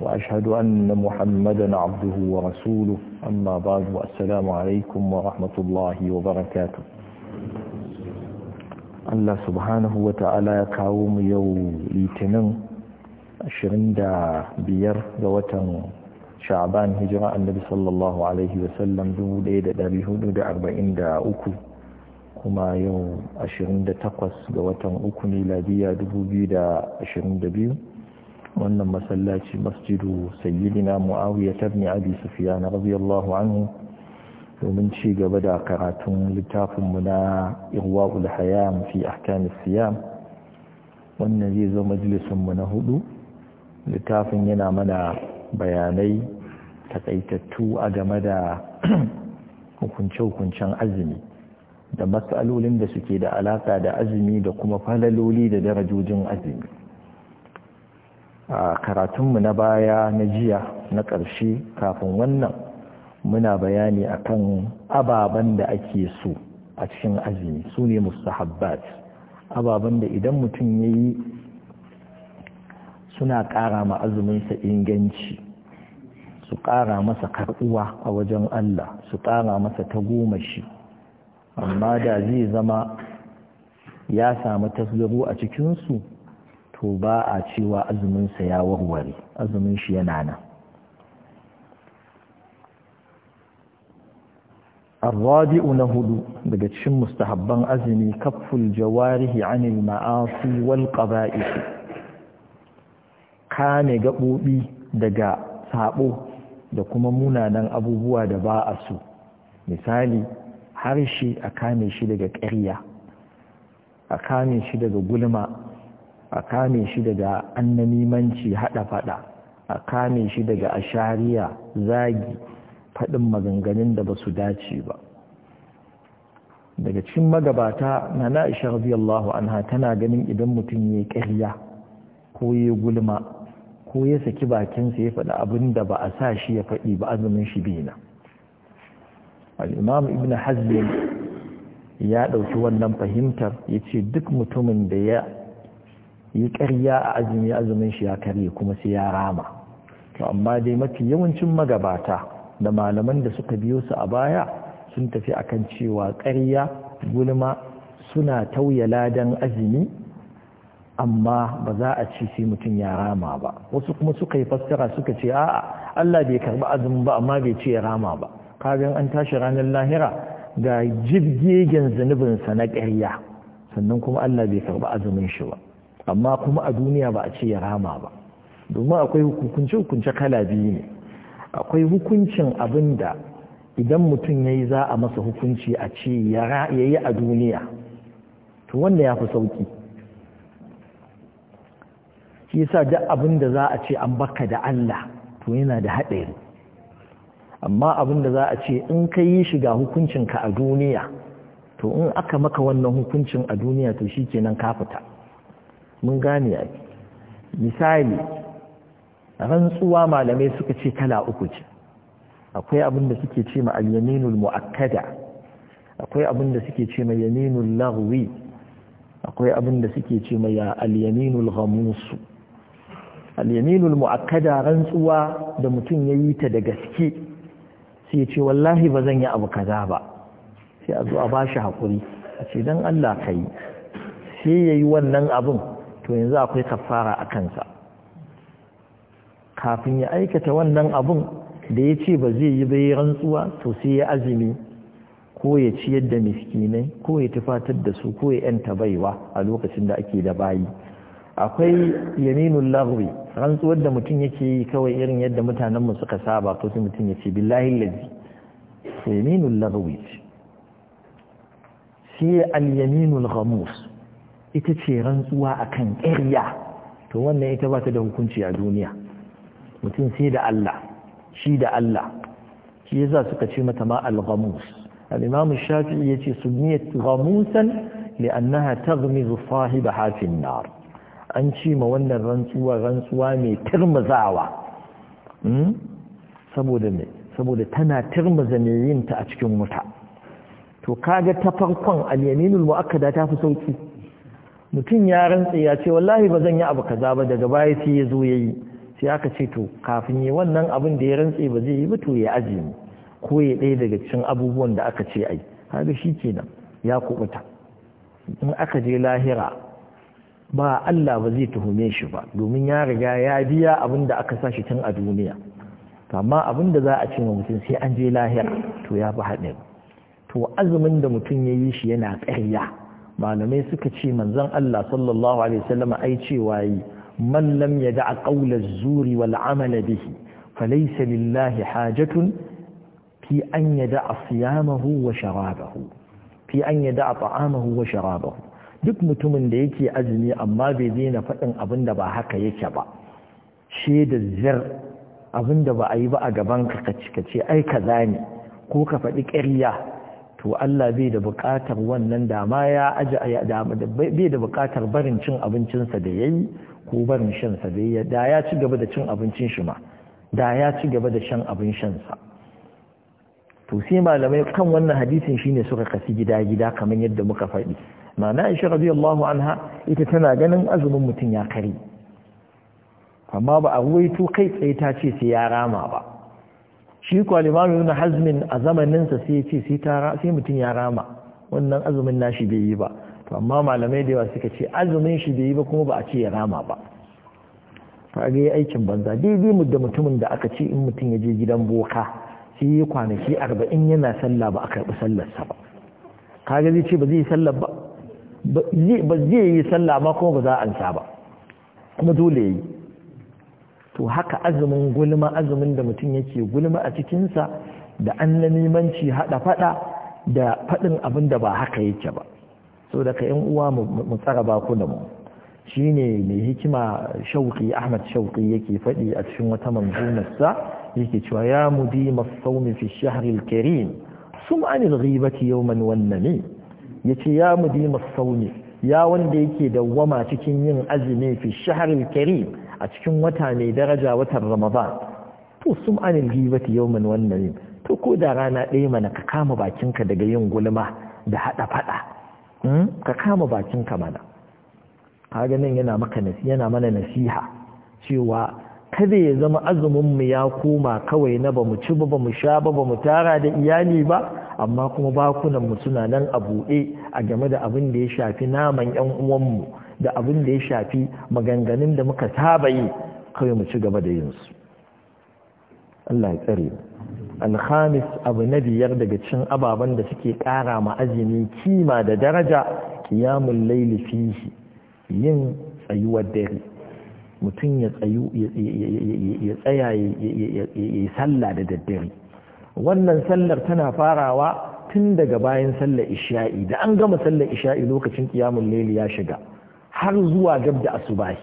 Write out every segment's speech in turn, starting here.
وأشهد أن محمدا عبده ورسوله أما بعد والسلام عليكم ورحمة wa وبركاته Allah subhanahu wa ta'ala ya kawo mu yau litinin 25 ga watan sha'ban hijira annabi sallallahu alaihi wasallam 1443 kuma yau 28 ga watan uku miladiya 2022 wannan masallaci masjidu sayyidina muawiya tabni abi sufyan radiyallahu anhu domin ci gaba da karatun littafinmu na irwa'ul hayam fi ahkamis siyam wannan zai zo mu na hudu littafin yana mana bayanai takaitattu a game da hukunce-hukuncen azumi da matsalolin da suke da alaka da azumi da kuma falaloli da darajojin azumi a karatunmu na baya na jiya na ƙarshe kafin wannan muna bayani akan ababen da ake so a cikin azumi su ne mustahabbat ababen da idan mutum ya yi suna ƙara ma azuminsa inganci su ƙara masa karɓuwa a wajen Allah su ƙara masa ta goma shi amma da zai zama ya samu tasgaro a cikinsu to ba a cewa azuminsa ya warware, azumin shi yana nan arwadi na hudu daga cikin mustahabban azumi kafful jawarihi anil ma'asi wal qaba'is ka ne gabobi daga sabo da kuma munanan abubuwa da ba a su misali harshe a kame shi daga ƙarya a kame shi daga gulma a kame shi daga annamimanci hada fada a kame shi daga ashariya zagi faɗin maganganun da ba su dace ba daga cikin magabata na na'isha radiyallahu anha tana ganin idan mutum ya ƙarya ko ya gulma ko ya saki bakinsa ya faɗi abin da ba a sa shi ya faɗi ba azumin shi bina al'imam ibn hazmi ya ɗauki wannan fahimtar ya ce duk mutumin da ya yi ƙarya a azumi azumin shi ya karye kuma sai ya rama to amma dai mafi yawancin magabata da malaman da suka biyo su a baya sun tafi akan cewa ƙarya gulma suna tauye ladan azumi amma ba za a ci sai mutum ya rama ba wasu kuma suka yi fassara suka ce a'a Allah bai karba azumin ba amma bai ce ya rama ba kagan an tashi ranar lahira ga jibgegen zunubinsa na ƙarya sannan kuma Allah bai karba azumin shi ba amma kuma a duniya ba a ce ya rama ba domin akwai hukunce-hukunce kala biyu ne akwai hukuncin abin da idan mutum ya yi za a masa hukunci a ce ya yi a duniya to wanda ya fi sauki shi yasa duk abin da za a ce an baka da Allah to yana da haɗari amma abin da za a ce in ka yi shiga hukuncinka a duniya to in aka maka wannan hukuncin a duniya to shi kenan ka fita mun gane a misali rantsuwa malamai suka ce kala uku ce akwai abin da suke ce ma al-yaminul mu'akkada akwai abin da suke ce ma yaminul laghwi akwai abin da suke ce ma al-yaminul ghamus mu'akkada rantsuwa da mutum yayi ta da gaske sai ce wallahi ba zan yi abu kaza ba sai a zo a bashi hakuri a ce dan Allah kai sai yayi wannan abin to yanzu akwai kafara a kansa kafin ya aikata wannan abun da ya ce ba zai yi bai rantsuwa to sai ya azumi ko ya ciyar da miskinai ko ya tufatar da su ko ya yanta baiwa a lokacin da ake da bayi akwai yaminun lagwai rantsuwar da mutum yake yi kawai irin yadda mutanen mu suka saba ko sai mutum ya ce billahi lazi lagwai ce sai al yaminul ghamus ita ce rantsuwa akan ƙarya to wannan ita ba ta da hukunci a duniya mutum sai da Allah shi da Allah shi yasa suka ce mata ma al-ghamus al-imam shafi'i yace sunniyat ghamusan li'annaha taghmizu sahibaha fi an-nar an ci ma wannan rantsuwa rantsuwa mai turmazawa hmm? saboda saboda tana turmaza mai yin ta a cikin wuta to kaga ta farkon al-yaminul mu'akkada ta fi sauki mutum ya rantse ya ce wallahi ba zan yi abu kaza ba daga baya sai ya zo yayi sai aka ce to kafin yi wannan abin da ya rantse ba zai yi ba to ya azumi ko ya ɗaya daga cikin abubuwan da aka ce ai kaga shi kenan ya kubuta in aka je lahira ba Allah ba zai tuhume shi ba domin ya riga ya biya abin da aka sa shi tun a duniya amma abin da za a ce mutum sai an je lahira to ya fi haɗin to azumin da mutum ya yi shi yana ƙarya malamai suka ce manzon Allah sallallahu alaihi wasallam ai cewa yi Mallam ya yada'a qawla az-zuri wal'amala bihi falaisa lillahi hajatun fi an a siyamahu wa sharabahu fi an yada'a ta'amahu wa sharabahu duk mutumin da yake azumi amma bai daina faɗin abin da ba haka yake ba shaidar zir abin da ba a yi ba a gaban ka ka ce ai ka zane ko ka faɗi ƙarya to Allah bai da buƙatar wannan dama ya aji bai da buƙatar barin cin abincinsa da ya yi ko barin shansa da ya da ya ci gaba da cin abincin shi ma da ya ci gaba da shan abin shansa to sai malamai kan wannan hadisin shine suka kasi gida gida kamar yadda muka faɗi ma'ana Aisha radiyallahu anha ita tana ganin azumin mutum ya kare amma ba a ruwaito kai tsaye ta ce sai ya rama ba shi kwalimami yana hazmin a zamaninsa sai ce sai mutum ya rama wannan azumin nashi bai yi ba to amma malamai da yawa suka ce azumin shi bai yi ba kuma ba a ce ya rama ba ga yi aikin banza daidai mu da mutumin da aka ce in mutum ya je gidan boka sai yi kwanaki arba'in yana sallah ba a karɓi sallarsa ba kaga zai ce ba zai yi sallah ba ba zai yi sallah ma kuma ba za a ansa ba kuma dole ya yi to haka azumin gulma azumin da mutum yake gulma a cikinsa da an na nemanci haɗa faɗa da faɗin abin da ba haka yake ba so daga yan uwa mu tsara mu. shi ne mai hikima shauƙi ahmad shauƙi yake faɗi a cikin wata manzunarsa yake cewa ya mudi masaumi fi shahril karim sun anil ghibati yawman wannan ne yace ya mudi masaumi ya wanda yake dawwama cikin yin azumi fi shahril karim a cikin wata mai daraja watan ramadan to sum anil ghibati yawman wannan to ko da rana ɗaya mana ka kama bakinka daga yin gulma da haɗa faɗa hmm? ka kama bakinka mana kaga nan yana maka yana mana nasiha cewa kada ya zama azumin mu ya koma kawai na bamu ci ba bamu sha ba bamu tara da iyali ba amma kuma bakunanmu suna nan a buɗe a game da abin da ya shafi naman ƴan uwanmu da abin da ya shafi maganganun da muka saba yi kawai mu ci gaba da yin su Allah ya tsare alhamis abu na biyar daga cikin ababen da suke kara ma azumi kima da daraja Kiyamun layli fihi yin tsayuwar dare mutum ya tsayu ya tsaya ya sallah da daddare wannan sallar tana farawa tun daga bayan sallar isha'i da an gama sallar isha'i lokacin kiyamun Lailu ya shiga har zuwa gab da asubahi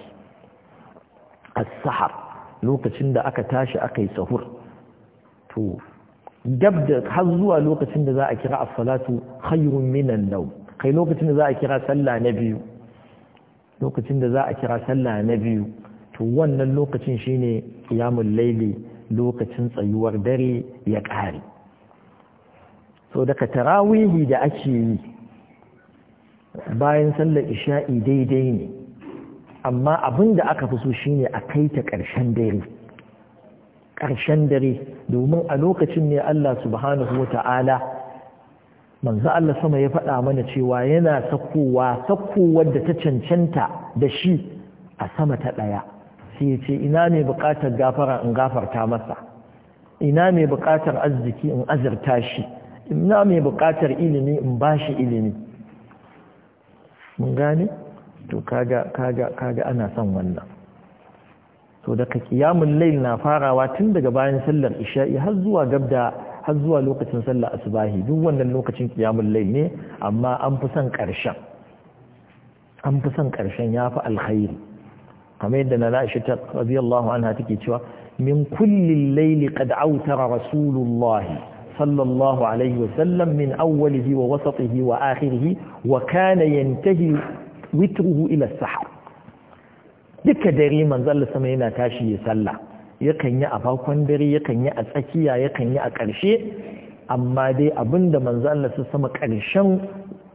as-sahar lokacin da aka tashi aka yi sahur to gab da har zuwa lokacin da za a kira as-salatu khayrun minan nawm kai lokacin da za a kira sallah na biyu lokacin da za a kira sallah na biyu to wannan lokacin shine qiyamul layli lokacin tsayuwar dare ya kare so daga tarawihi da ake yi bayan sallar isha'i daidai ne amma abin da aka fi so shine a kai ta ƙarshen dare ƙarshen dare domin a lokacin ne Allah subhanahu wa ta'ala manzo Allah sama ya faɗa mana cewa yana sakkowa sakkowar da ta cancanta da shi a sama ta ɗaya sai ya ce ina ne buƙatar gafara in gafarta masa ina ne buƙatar arziki in azurta shi ina ne buƙatar ilimi in bashi ilimi mun gane to kaga kaga kaga ana son wannan to daga qiyamul layl na farawa tun daga bayan sallar isha'i har zuwa gabda har zuwa lokacin sallar asubahi duk wannan lokacin qiyamul layl ne amma an fi son karshen an fi son karshen yafi alkhairi kamar yadda na Aisha ta radiyallahu anha take cewa min kulli layli qad awtara rasulullahi صلى الله عليه وسلم من أوله ووسطه وآخره وكان ينتهي وتره إلى السحر duka dare manzalla sama yana tashi ya sallah yakan yi a farkon dare yakan yi a tsakiya yakan yi a ƙarshe amma dai abinda manzalla su sama ƙarshen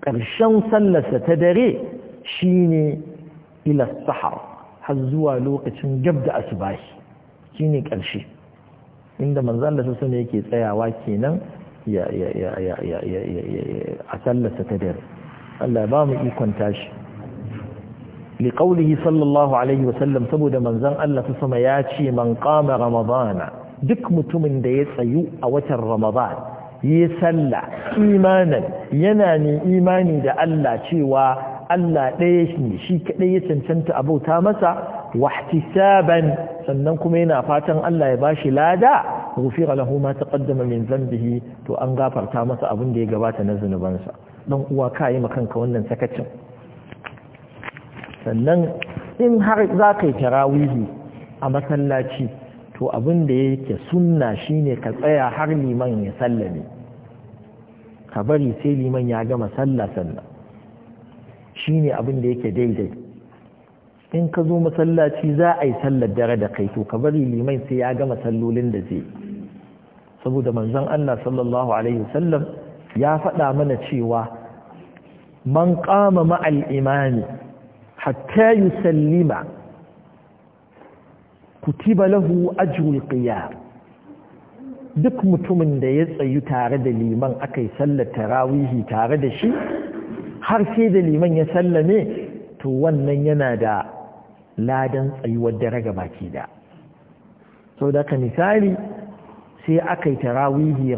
ƙarshen sallarsa ta dare shine ila sahar har zuwa lokacin gab da asubahi shine ƙarshe inda manzan da ne yake tsayawa kenan a sallarsa ta dare Allah ba mu ikon tashi liƙaunihi sallallahu alaihi wasallam saboda manzan Allah su sama ya ce man ƙama ramadana duk mutumin da ya tsayu a watan Ramadana, ya salla imanin yana ne imani da Allah cewa Allah ɗaya ne shi kaɗai ya cancanta ta masa wahtisaban sannan kuma yana fatan Allah ya bashi lada ghufira lahu ma taqaddama min dhanbihi to an gafarta masa abin da ya gabata na zunubansa dan uwa kai makan ka wannan sakacin sannan in har za ka yi tarawihi a masallaci to abin da yake sunna shine ka tsaya har liman ya sallame ka bari sai liman ya gama sallah sannan shine abin da yake daidai in ka zo masallaci za a yi sallar dare da kai to ka bari liman sai ya gama sallolin da zai saboda manzon Allah sallallahu alaihi wasallam ya faɗa mana cewa man qama ma'al imani hatta yusallima kutiba lahu ajrul qiyam duk mutumin da ya tsayu tare da liman akai sallar tarawihi tare da shi har sai da liman ya sallame to wannan yana da ladan tsayuwar dare ga baki da so daga misali sai aka yi tarawihi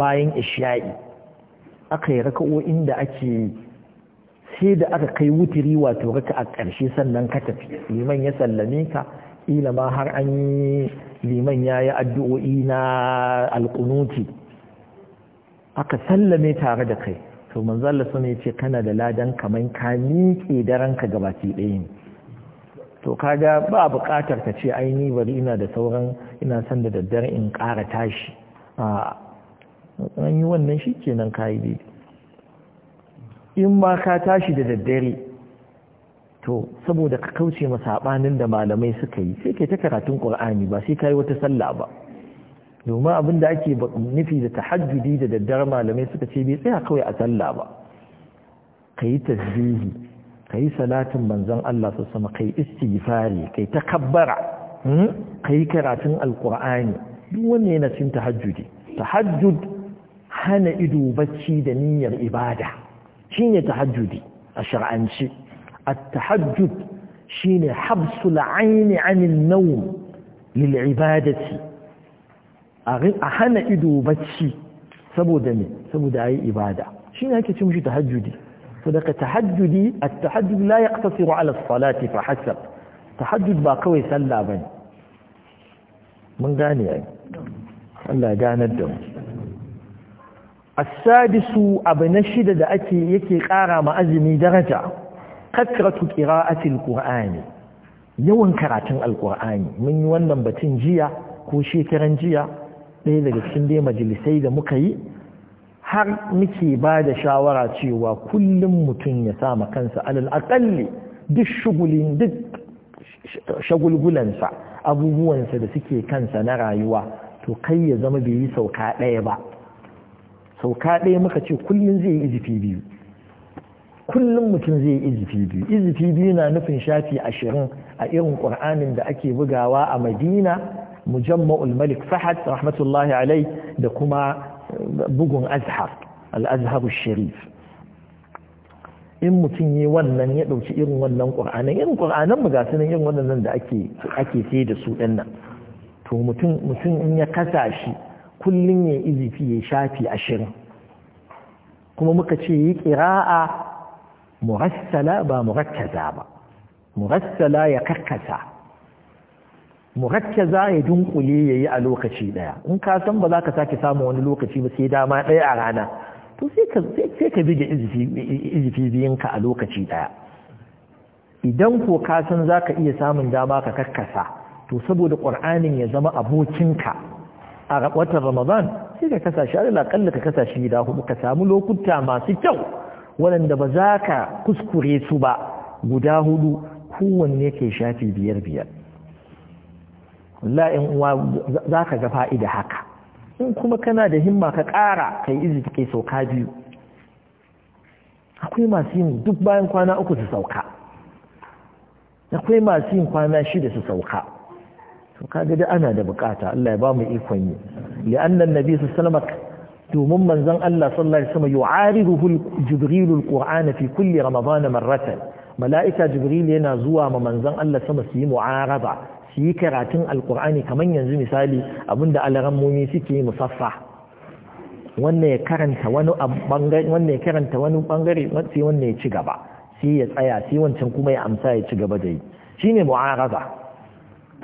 bayan isha'i aka yi raka'o'in da ake sai da aka kai wutiri wato raka a ƙarshe sannan ka tafi liman ya sallame ka ila ma har an yi liman ya yi addu'o'i na alƙunuti aka sallame tare da kai to manzalla ya ce kana da ladan kamar ka miƙe daren ka gabaki ɗaya ne to kaga ba buƙatar ka ce aini bari ina da sauran ina son da daddare in ƙara tashi a an yi wannan shi kenan kayi dai in ma ka tashi da daddare to saboda ka kauce ma saɓanin da malamai suka yi sai ke ta karatun ƙur'ani ba sai ka yi wata sallah ba domin abin da ake nufi da tahajjudi da daddare malamai suka ce bai tsaya kawai a sallah ba ka yi tasbihi Kayi salatin manzon Allah su sama kai istighfari kai takabbara hmm? kai karatun Alƙur'ani. duk wanne yana cin tahajjudi tahajjud hana ido bacci da niyyar ibada shine tahajjudi a shar'anci A tahajjud shine habsul aini anin nawm lil ibadati a hana ido bacci saboda ne saboda ayi ibada shine ake cin shi tahajjudi صدق تحجدي التحجد لا يقتصر على الصلاة فحسب تحجد باقوي سلا بني من قاني يعني الله قان الدم السادس أبن الشدد أتي يكي قارا ما أزمي درجة كثرة قراءة القرآن يوم كراتن القرآن من ونن بتنجية كوشي كرنجية ليه لقد سندي مجلسي دا مكي har muke ba da shawara cewa kullum mutum ya sama kansa alal aƙalli duk shugulin duk shagulgulansa abubuwansa da suke kansa na rayuwa to kai ya zama bai yi sauka ɗaya ba sauka ɗaya muka ce kullum zai yi izifi biyu kullum mutum zai yi izifi biyu izifi biyu na nufin shafi ashirin a irin ƙur'anin da ake bugawa a madina mujamma'ul malik fahad rahmatullahi alai da kuma bugun azhar Azharu sharif in mutum yi wannan ya ɗauki irin wannan ƙur'anan irin ƙur'anan mu gasu nan irin waɗannan da ake sai da su ɗin nan to mutum mutum in ya kasa shi kullum ya izifi ya shafi ashirin kuma muka ce yi ƙira'a murassala ba murakkaza ba murassala ya karkasa murakkaza ya dunkule yayi a lokaci ɗaya. in ka san ba za ka sake samu wani lokaci ba sai dama ɗaya a rana to sai ka sai ka bige izifi biyinka a lokaci ɗaya. idan ko ka san za ka iya samun dama ka karkasa to saboda ƙur'anin ya zama abokinka a watan ramadan sai ka kasa shi alal akalla ka kasa shi gida hudu ka samu lokuta masu kyau waɗanda ba za ka kuskure su ba guda hudu kowanne ke shafi biyar biyar wallahi uwa za ka ga fa'ida haka in kuma kana da himma ka ƙara kai izi kai sauka biyu akwai masu yin duk bayan kwana uku su sauka akwai masu yin kwana shida su sauka to da ana da bukata Allah ya ba mu ikon yi li'annan biyu su alaihi domin manzan Allah sallallahu alaihi fi mala'ika Jibrilu yana zuwa ma manzon Allah sama su yi mu'araba su yi karatun alkur'ani kamar yanzu misali abinda alarammomi suke musaffa wannan ya karanta wani bangare ya karanta wani bangare sai wannan ya ci gaba sai ya tsaya sai wancan kuma ya amsa ya ci gaba da yi ne mu'araza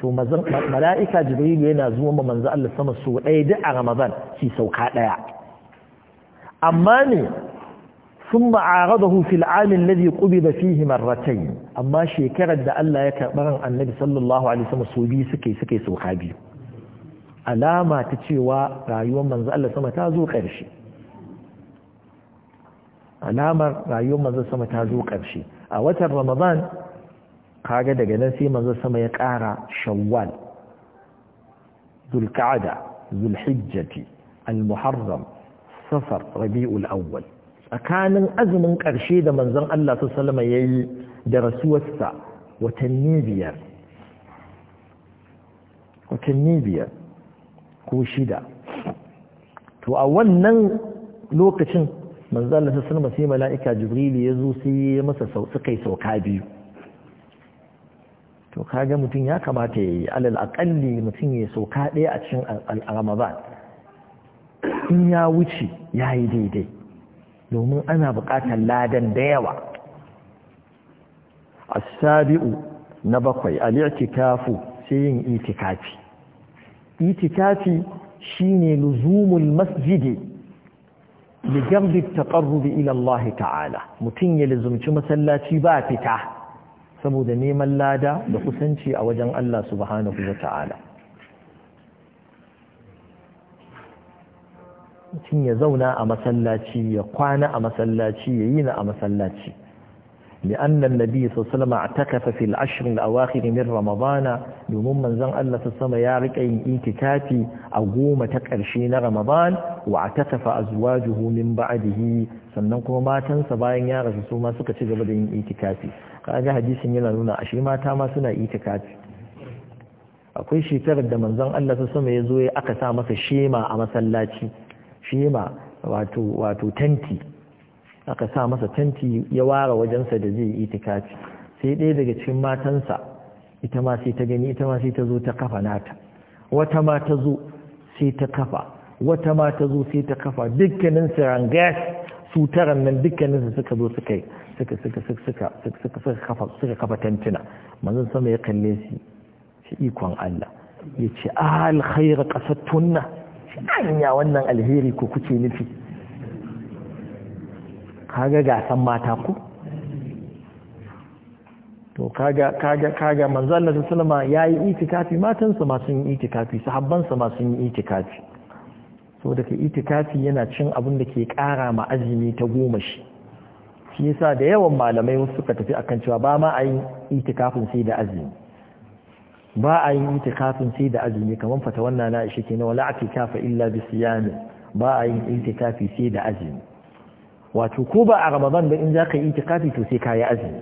to mala'ika jibril yana zuwa ma manzo Allah sama su ɗaya duk a ramadan shi sauka ɗaya amma ne ثم عارضه في العام الذي قبض فيه مرتين أما شكرا دا ألا يكبر النبي صلى الله عليه وسلم صوبي سكي سكي صحابي ألاما تتشوى رأيوم من زال سما تازو قرشي ألاما رأيوم من زال سما تازو قرشي أوتر رمضان kaga daga nan sai manzo sama ya ƙara shawwal zulqa'ada zulhijjati almuharram safar rabi'ul awwal tsakanin azumin ƙarshe da manzon Allah salama ya yi da rasuwarsa watanni biyar watanni biyar ko shida to a wannan lokacin manzon Allah salama sai mala'ika jibrili ya zo sai ya masa suka yi sauka biyu to kaga mutum ya kamata ya yi alal aƙalli mutum ya sauka ɗaya a cikin ramadan in ya wuce ya yi daidai domin ana buƙatar ladan da yawa asabi'u na bakwai al'itikafu sai yin itikafi itikafi shine luzumul masjidi li jambi taqarrub ila Allah ta'ala mutun ya luzumci masallaci ba fita saboda neman lada da kusanci a wajen Allah subhanahu wa ta'ala mutum ya zauna a masallaci ya kwana a masallaci ya yi na a masallaci li'annan nabi sau salama a takasa fil ashirin a wakil min ramadana domin manzan Allah sau sama ya rika yin itikafi a goma ta karshe na ramadan wa a takasa a zuwa juhumin ba'adihi sannan kuma matansa bayan ya rasu su suka ci gaba da yin itikafi kaga hadisin yana nuna ashe mata ma suna itikafi akwai shekarar da manzan Allah sau sama ya zo ya aka sa masa shema a masallaci fema wato tenti tanti aka sa masa tanti ya ware wajensa da zai yi tikafi sai ɗaya daga cikin matansa ita ma sai ta gani ita ma sai ta zo ta kafa nata wata ma ta zo sai ta kafa wata ma ta zo sai ta kafa dukkanin sirangas rangas su taran nan dukkanin su suka zo suka yi suka suka suka suka suka kafa suka kafa tantuna manzon sama ya kalle shi shi ikon Allah ce al khayra qasattunna ya wannan alheri ko kuke nufi kaga gasan mata ku to kaga kaga kaga manzo Allah sallama yayi itikafi matan su ma sun yi itikafi sahabban su ma sun yi itikafi so da ke itikafi yana cin abun da ke kara ma azumi ta goma shi shi yasa da yawan malamai wasu suka tafi akan cewa ba ma a yi itikafin sai da azumi ba a yin itikafin sai da azumi kamar fata wannan na ishe kenan wala atikafa illa bi siyami ba a yin itikafi sai da azumi wato ko ba a ramadan da in zaka yi itikafi to sai ka yi azumi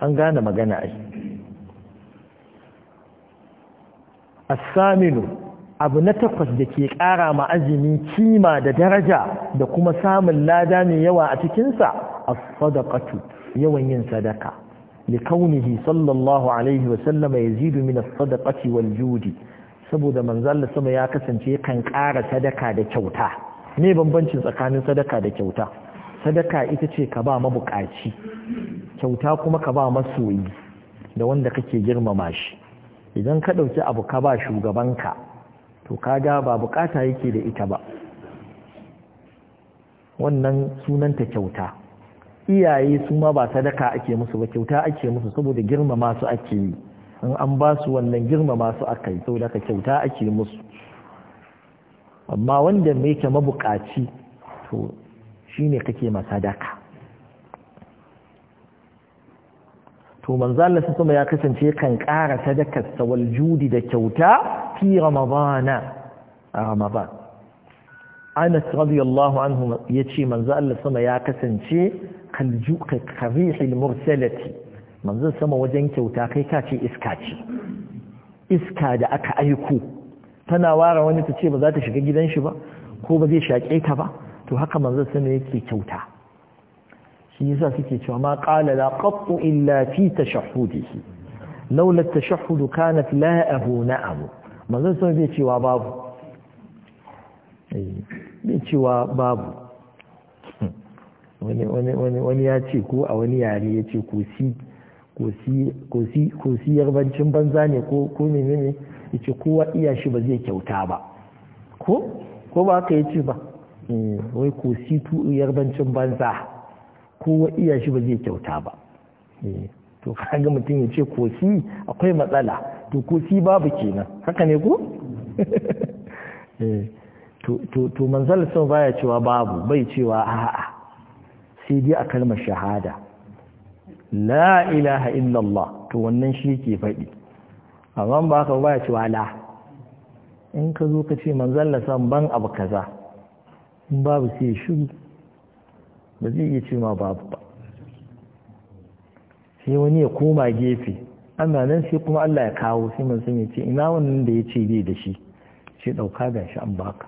an gane magana ai as-saminu abu na takwas da ke ƙara ma azumi kima da daraja da kuma samun lada mai yawa a cikinsa as-sadaqatu yawan yin sadaka لكونه صلى الله عليه وسلم يزيد من الصدقة والجود saboda manzalla sama ya kasance kan ƙara sadaka da kyauta ne bambancin tsakanin sadaka da kyauta sadaka ita ce ka ba mabukaci kyauta kuma ka ba masoyi da wanda kake girmama shi idan ka ɗauki abu ka ba shugabanka to kaga ba bukata yake da ita ba wannan sunanta kyauta iyaye su ma ba sadaka ake musu ba kyauta ake musu saboda girmama su ake yi in an ba su wannan girmama su aka yi saboda ka kyauta ake musu amma wanda mai ke mabukaci to shi ne kake ma sadaka to manzala su kuma ya kasance kan kara sadakar sawal judi da kyauta fi ramadana a ramadana Anas radiyallahu anhu ce manzo Allah sama ya kasance karihil mursalati manzon sama wajen kyauta kai ka ce iska ce iska da aka aiko tana ware wani ta ce ba za ta shiga gidan shi ba ko ba zai shaƙe ta ba to haka manzon sama yake kyauta shi yasa suke cewa ma qala la qattu illa fi tashahhudihi laula tashahhud kanat abu na'am manzon sama bai cewa babu eh, bai cewa babu wani ya ce ko a wani yare ya ce ko si yarbancin banza ne ko menene ne ya ce kowa iya shi ba zai kyauta ba ko ko ba ka yi ce ba eh, wai ko si yarbancin banza kowa iya shi ba zai kyauta ba eh, to kaga mutum ya ce ko si akwai matsala to ko si babu kenan haka ne ko eh, to manzalar sun baya cewa babu bai cewa a'a sai dai a kalmar shahada la ilaha illallah to wannan shi ke faɗi amma ba ka ba ya ci wala in ka zo ka ce manzan lasan ban abu kaza in babu sai shiru ba zai iya ce ma babu ba sai wani ya koma gefe ana nan sai kuma Allah ya kawo sai manzan ya ce ina wannan da ya ce bai da shi sai ɗauka ga shi an baka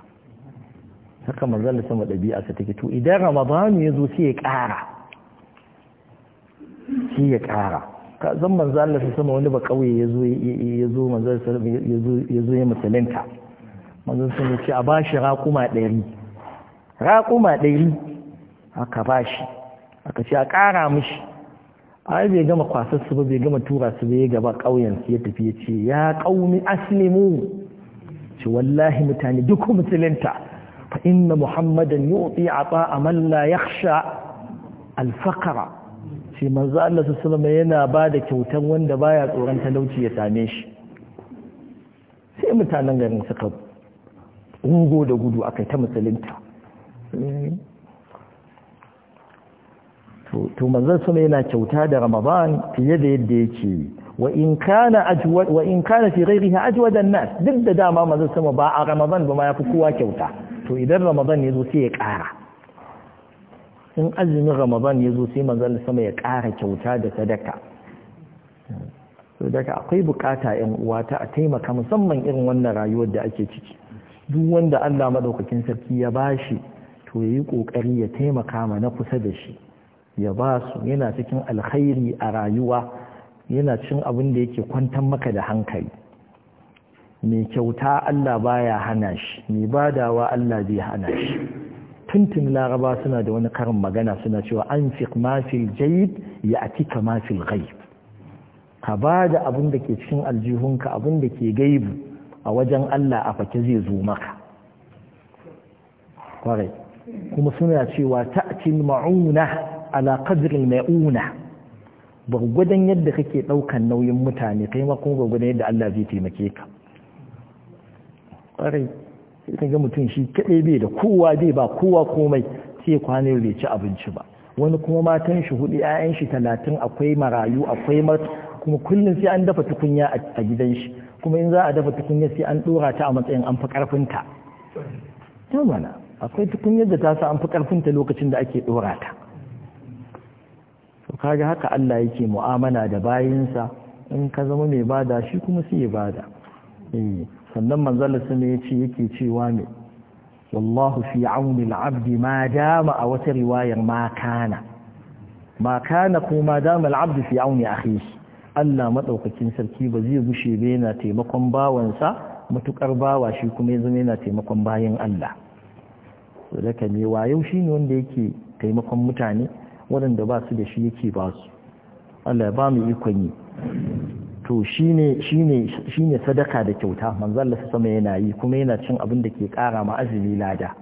haka manzon sama ɗabi'a sa take to idan ramadan ya zo sai ya ƙara sai ya ƙara ka zan manzo Allah sama wani ba kauye ya zo ya zo ya ya musulunta ce a bashi raƙuma ɗari raƙuma ɗari aka bashi aka ce a ƙara mishi ai bai gama kwasar su ba bai gama tura su bai gaba ƙauyen su ya tafi ya ce ya ƙaumi aslimu ce wallahi mutane duk musulunta inna muhammadan yu'ti ata man la yakhsha al-faqra shi manzo yana ba da kyautan wanda baya tsoron talauci ya same shi sai mutanen garin suka ungo da gudu akai ta musulunta to manzon yana kyauta da ramadan fiye da yadda yake wa in kana ajwad wa in kana duk da dama manzon ba a ramadan ba ma yafi kowa kyauta to idan ramadan ya zo sai ya ƙara in azumin ramadan ya zo sai manzan sama ya ƙara kyauta da sadaka sadaka akwai bukata yan uwa ta a taimaka musamman irin wannan rayuwar da ake ciki duk wanda Allah madaukakin sarki ya bashi to yayi ƙoƙari ya taimaka ma na kusa da shi ya ba su yana cikin alkhairi a rayuwa yana cikin abin da yake kwantar maka da hankali mai kyauta Allah baya hana shi mai badawa Allah zai hana shi tuntun laraba suna da wani karin magana suna cewa an fi mafil jayid ya atika mafil ghaib ka ba da abin da ke cikin aljihunka abin da ke gaibu a wajen Allah a fake zai zo maka kwarai kuma suna cewa ta'til ma'una ala qadri ma'una gwargwadon yadda kake ɗaukan nauyin mutane kai ma kuma gwargwadon yadda Allah zai taimake ka ƙwarai sai ka ga mutum shi kaɗai bai da kowa bai ba kowa komai sai kwanar bai ci abinci ba wani kuma matan shi hudu 'ya'yan shi talatin akwai marayu akwai kuma kullum sai an dafa tukunya a gidan shi kuma in za a dafa tukunya sai an dora ta a matsayin an fi ƙarfinta. ta mana akwai tukunyar da ta sa an fi ƙarfinta lokacin da ake dora ta to kaga haka Allah yake mu'amala da bayinsa in ka zama mai bada shi kuma sai ya bada eh sannan manzala su ya yace yake cewa ne wallahu fi auni al'abdi ma dama a wata riwayar ma kana ma kana ko ma dama al'abdi fi auni shi, Allah maɗaukakin sarki ba zai gushe ba yana taimakon bawansa matuƙar bawa shi kuma zama yana taimakon bayan Allah su daga ne shi ne wanda yake taimakon mutane waɗanda ba su da shi yake ba su Allah ya ba mu ikon yi to shi ne sadaka da kyauta manzo su sama yana yi kuma yana cin abin da ke kara ma azumi lada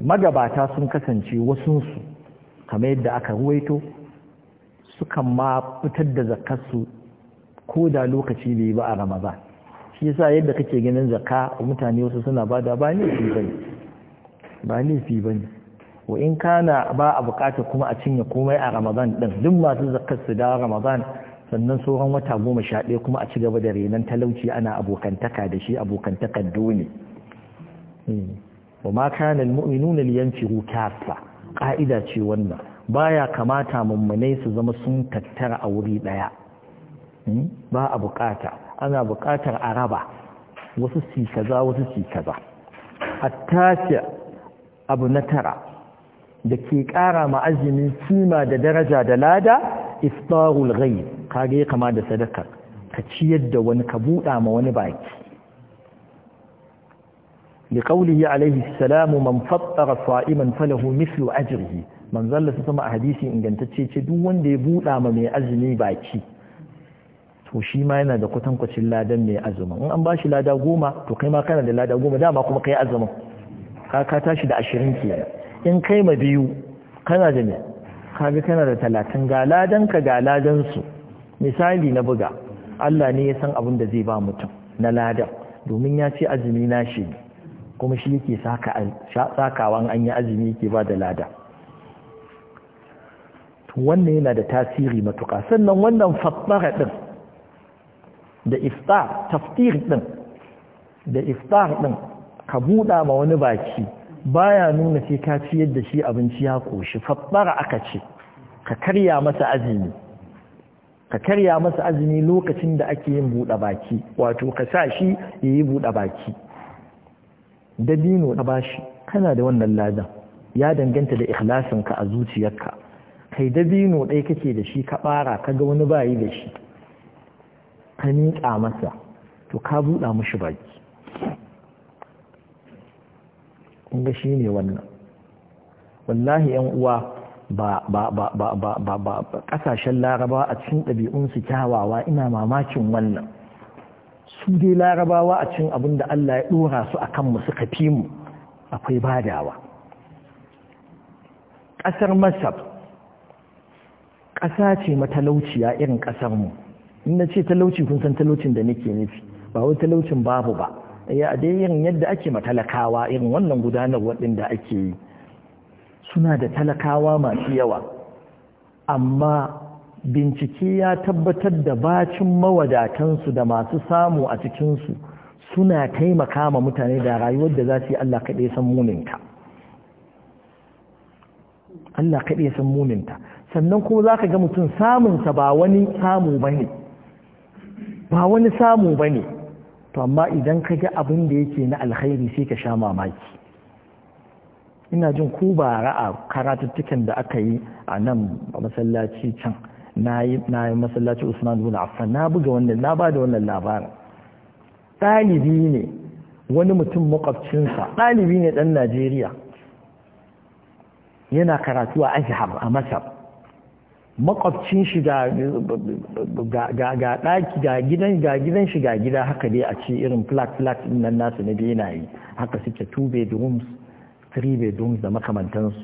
magabata sun kasance wasun su kamar yadda aka ruwaito sukan ma fitar da zakarsu ko da lokaci bai ba a Ramadan shi yasa yadda kake ganin zakka mutane wasu suna bada ba ne fi bane ba ne wa in kana ba a bukata kuma a cinye komai a Ramadan din duk masu zakarsu da Ramadan sannan sauran wata goma sha ɗaya kuma a ci gaba da renon talauci ana abokantaka da shi abokantaka dole hmm. wa ma kana almu'minuna liyanfiru kaffa ka'ida ce wannan baya kamata mummunai su zama sun tattara a wuri ɗaya hmm. ba a buƙata. ana bukatar a raba wasu si kaza wasu si kaza attasiya abu na tara da ke ƙara azumin kima da daraja da lada iftarul ghaib kage kama da sadaka ka ciyar da wani ka buɗa ma wani baki alaihi لقوله عليه السلام من فطر a فله Man zalla su sama a hadisi ingantacce ce Duk wanda ya buɗa ma mai azumi baki. to shi ma yana da kwatankwacin ladan mai azumin in an ba shi lada goma to kai ma kana da lada goma dama kuma kai azumin ka ka tashi da ashirin ke in kai ma biyu kana da me kaga kana da talatin ga ladan ka ga ladan su misali na buga Allah ne ya san abin da zai ba mutum na lada domin ya ce azumi na shi kuma shi yake sakawan an yi azumi yake ba da lada wannan yana da tasiri matuka sannan wannan fattara ɗin da iftar taftir ɗin da iftar ɗin ka buɗa ma wani baki baya nuna sai ka ciyar da shi abinci ya koshi fattara aka ce ka karya masa azumi ka karya masa azumi lokacin da ake yin buɗe baki wato ka sa shi ya yi buɗe baki dabino na bashi kana da wannan ladan ya danganta da ikhlasinka a zuciyarka kai dabino ɗaya kake da shi ka ɓara ka ga wani bayi da shi ka miƙa masa to ka buɗa mashi baki ga shi ne wannan wallahi yan uwa ba ba ba kasashen laraba a cikin ɗabi'unsu kyawawa ina mamakin wannan su dai larabawa a cikin abin da Allah ya ɗora su a kanmu suka fi mu akwai badawa ƙasar masar ƙasa ce matalauciya irin ƙasarmu in na ce talauci kun san talaucin da nake nufi ba wai talaucin babu ba ya dai irin yadda ake matalakawa irin wannan gudanarwa ɗin ake yi suna da talakawa masu yawa amma bincike ya tabbatar da bacin mawadatansu da masu samu a cikinsu suna taimaka ma mutane da rayuwar da za su yi Allah kaɗe san muninta Allah kaɗe san muninta sannan kuma za ka ga mutum samunsa ba wani samu ba ne ba wani samu ba ne to amma idan ka ga abin da yake na alkhairi sai ka sha mamaki ina jin ku ba ra'a karatuttukan da aka yi a nan masallaci can na yi masallaci usman bin affan na buga wannan na ba da wannan labarin ɗalibi ne wani mutum makwabcinsa ɗalibi ne ɗan najeriya yana karatu a azhar a masar makwabcin shi ga ɗaki ga gidan shi ga gida haka dai a ce irin flat flat nan nasu na benaye haka suke two bedrooms three bedrooms da makamantansu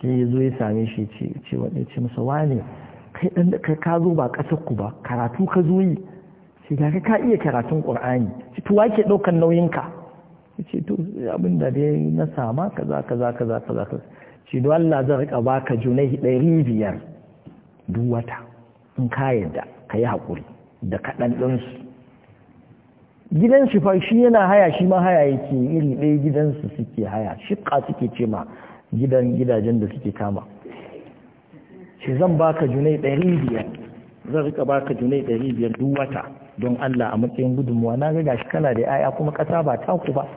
shi ya zo ya same shi ce wanda ce masa ne? kai dan kai ka zo ba kasar ku ba karatu ka zo yi sai ga ka iya karatun ƙur'ani ce to ke daukan nauyin ka ce to abin da dai na sama kaza kaza kaza kaza ce don Allah zan rika baka junai ɗari biyar duk wata in ka yarda ka yi haƙuri da kaɗan ɗinsu gidan shi fa shi yana haya shi ma haya yake iri ɗaya gidansu suke haya shiƙa suke ce ma gidan gidajen da suke kama shi zan baka junai ɗari biyar zan rika baka junai ɗari biyar duk wata don Allah a matsayin gudunmuwa na ga shi kana da yaya kuma ƙasa ba taku ba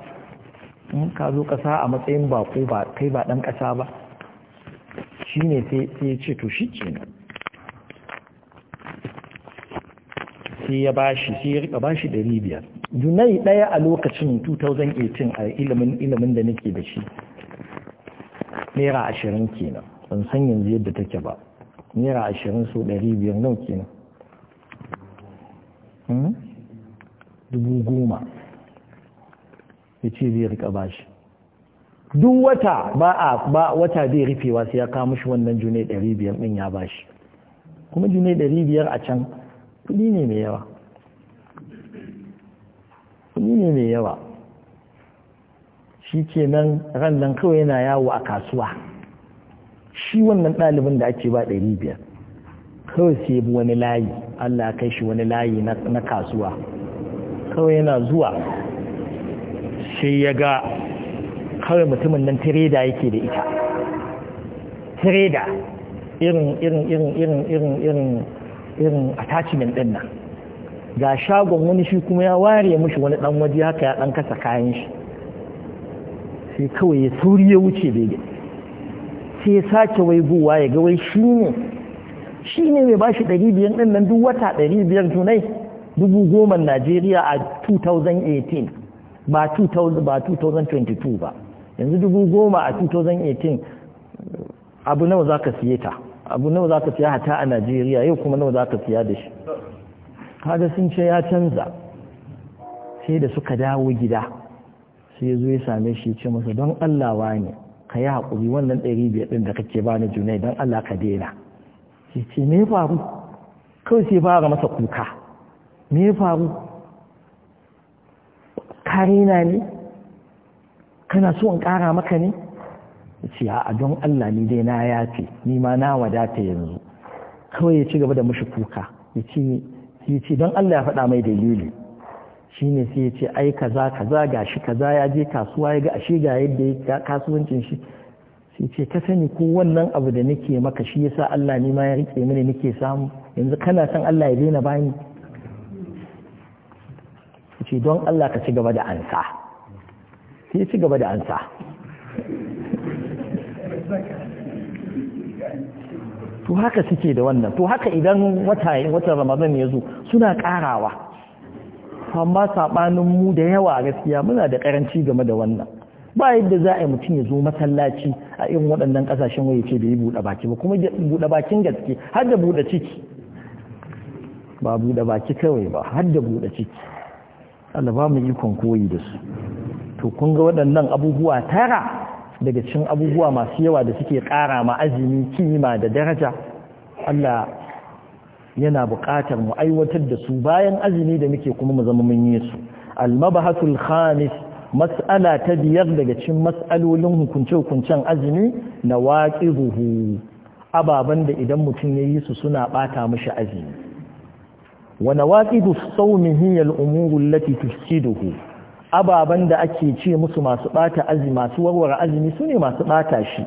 in ka zo ƙasa a matsayin baƙo ba kai ba ɗan ƙasa ba shi ne sai ya ce to shi kenan sai ya bashi sai ya rika bashi 500 junai daya a lokacin 2018 a ilimin ilimin da nake da shi naira ashirin kenan ban san yanzu yadda take ba naira ashirin so ɗari biyar nau kenan hmm? dubu goma ya ce zai rika bashi duk wata ba a ba wata zai rufewa sai ya kawo mishi wannan junai ɗari biyar ɗin ya bashi kuma junai ɗari biyar a can kudi ne mai yawa kudi ne mai yawa shi ke nan ran nan kawai yana yawo a kasuwa shi wannan ɗalibin da ake ba ɗari biyar kawai sai bi wani layi allah kai shi wani layi na kasuwa kawai yana zuwa sai ya ga kawai mutumin nan tireda yake da ita tireda irin irin irin irin irin irin irin attachment ɗin nan ga shagon wani shi kuma ya ware mushi wani ɗan waje haka ya ɗan kasa kayan shi sai kawai ya sauri ya wuce bai sai ya sake wai buwa ya ga wai shi ne shi ne mai bashi ɗari biyan ɗin nan duk wata ɗari biyar tunai dubu goma Najeriya a 2018 ba 2022 ba yanzu dubu goma a 2018 abu nawa za ka siye ta abu nawa za ka siya hata a najeriya yau kuma nawa za ka siya da shi kaga sun ce ya canza sai da suka dawo gida sai zo ya same shi ce masa don allah wa ne ka yi haƙuri wannan ɗari biyar ɗin da kake ba ni junai don allah ka daina sai ce me faru kawai sai fara masa kuka me faru Kare na ne kana so in ƙara maka ne ce a don Allah ni dai na yafe ni ma na wadata yanzu kawai ya ci gaba da mushi kuka ya ce don Allah ya faɗa mai dalili shi ne sai ya ce ai kaza kaza ga shi kaza ya je kasuwa ya ga a shiga yadda ya kasuwancin shi sai ce ka sani ko wannan abu da nake maka shi yasa Allah ni ma ya rike mini nake samu yanzu kana son Allah ya daina bani ce don Allah ka ci gaba da ansa to haka suke da wannan to haka idan wata ramadan ya zo suna karawa amma sabanin mu da yawa gaskiya muna da karanci game da wannan ba yadda za a yi mutum ya zo masallaci a irin waɗannan ƙasashen waye ce da yi buɗe baki ba kuma buɗe bakin gaske har da buɗe ciki ba buɗe baki kawai ba har da buɗe ciki Allah ba mu yi kwankoyi da su to kun ga waɗannan abubuwa tara daga cikin abubuwa masu yawa da suke ƙara ma azumi kima da daraja Allah yana buƙatar mu aiwatar da su bayan azumi da muke kuma mu zama mun yi su al-mabahatul khamis mas'ala ta biyar daga cikin mas'alolin hukunce-hukuncen azumi na waqibuhu ababan da idan mutum yayi su suna bata mishi azumi wa nawaqidu sawmihi al-umuru allati tufsiduhu ababen da ake ce musu masu bata azumi masu warware azumi su ne masu bata shi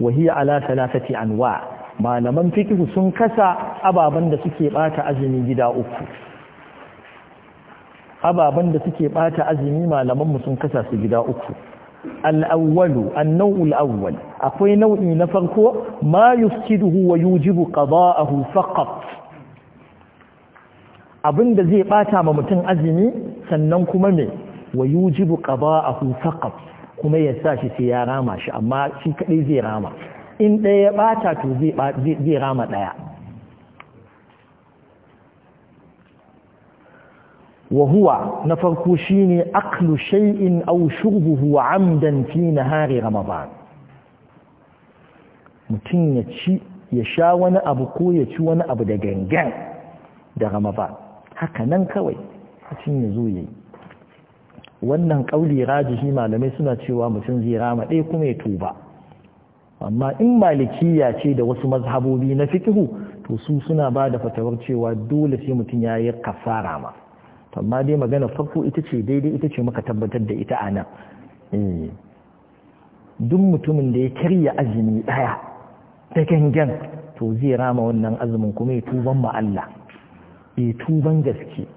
wahi ala salasati anwa malaman fiqh sun kasa ababen da suke bata azumi gida uku ababen da suke bata azumi malaman mu sun kasa su gida uku al-awwalu an-naw'u al-awwal akwai nau'i na farko ma yufsiduhu wa yujibu qada'ahu faqat abinda zai bata ma mutum azumi sannan kuma me wa yujibu qada'ahu faqat kuma ya sa shi sai ya rama shi amma shi kadai zai rama in ɗaya ya bata to zai rama ɗaya wa huwa na farko shine aklu shay'in aw shurbuhu amdan fi nahari ramadan mutum ya ci ya sha wani abu ko ya ci wani abu da gangan da ramadan haka nan kawai mutum ya zo yayi wannan ƙauli rajihi malamai suna cewa mutum zai rama ɗaya kuma ya tuba amma in malikiya ce da wasu mazhabobi na fikihu to su suna ba da fatawar cewa dole sai mutum ya yi kafara ma amma dai magana farko ita ce daidai ita ce muka tabbatar da ita a nan eh. duk mutumin da ya karya azumi ɗaya ta gangan to zai rama wannan azumin kuma ya tuban ma Allah ya tuban gaske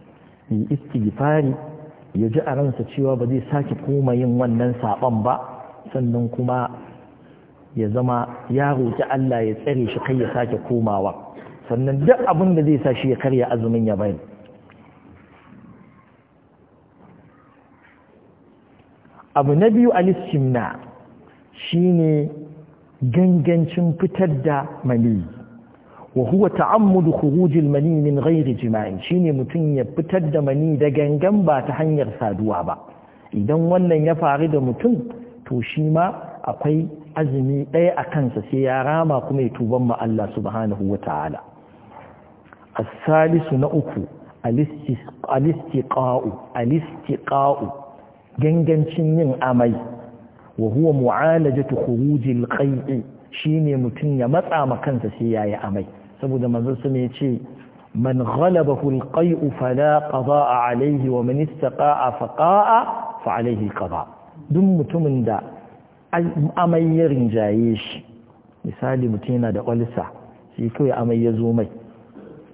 ya istighfari ya ji a ransa cewa ba zai sake koma yin wannan saɓon ba sannan kuma ya zama ya roƙi Allah ya tsare shi kai ya sake komawa sannan duk abin da zai sa shi ya karya azumin ya bayan abu na biyu shi shine gangancin fitar da maniyi Wahuwa huwa ta'ammudu khuruj al-mani min ghairi jima'in shine mutum ya fitar da mani da gangan ba ta hanyar saduwa ba idan wannan ya faru da mutum to shi ma akwai azumi ɗaya a kansa sai ya rama kuma ya tuban ma Allah subhanahu wa ta'ala as-salisu na uku al-istiqa'u al-istiqa'u gangancin yin amai wa huwa mu'alajatu khurujil qai'i shine mutum ya matsa ma kansa sai yayi amai saboda manzon sun ya ce man ghalabahu qai'u fala qada'a alayhi wa man istaqa'a faqa'a fa alayhi qada duk mutumin da amai ya rinjaye shi misali mutum yana da olsa shi kawai amai ya zo mai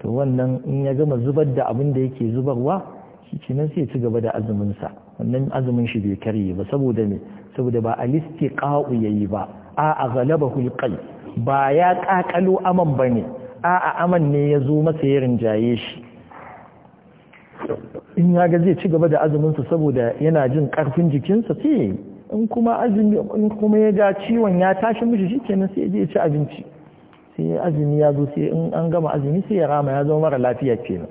to wannan in ya gama zubar da abin da yake zubarwa shi kenan sai ci gaba da azumin sa wannan azumin shi bai karye ba saboda me saboda ba alistiqa'u yayi ba a a ghalabahu alqai ba ya kakalo aman bane a'a aman ne ya zo masa ya rinjaye shi in ya ga zai ci gaba da azuminsa saboda yana jin karfin jikinsa sai in kuma azumi in kuma ya ga ciwon ya tashi mishi shikenan sai je ya ci abinci sai azumi ya zo sai in an gama azumi sai ya rama ya zama mara lafiya kenan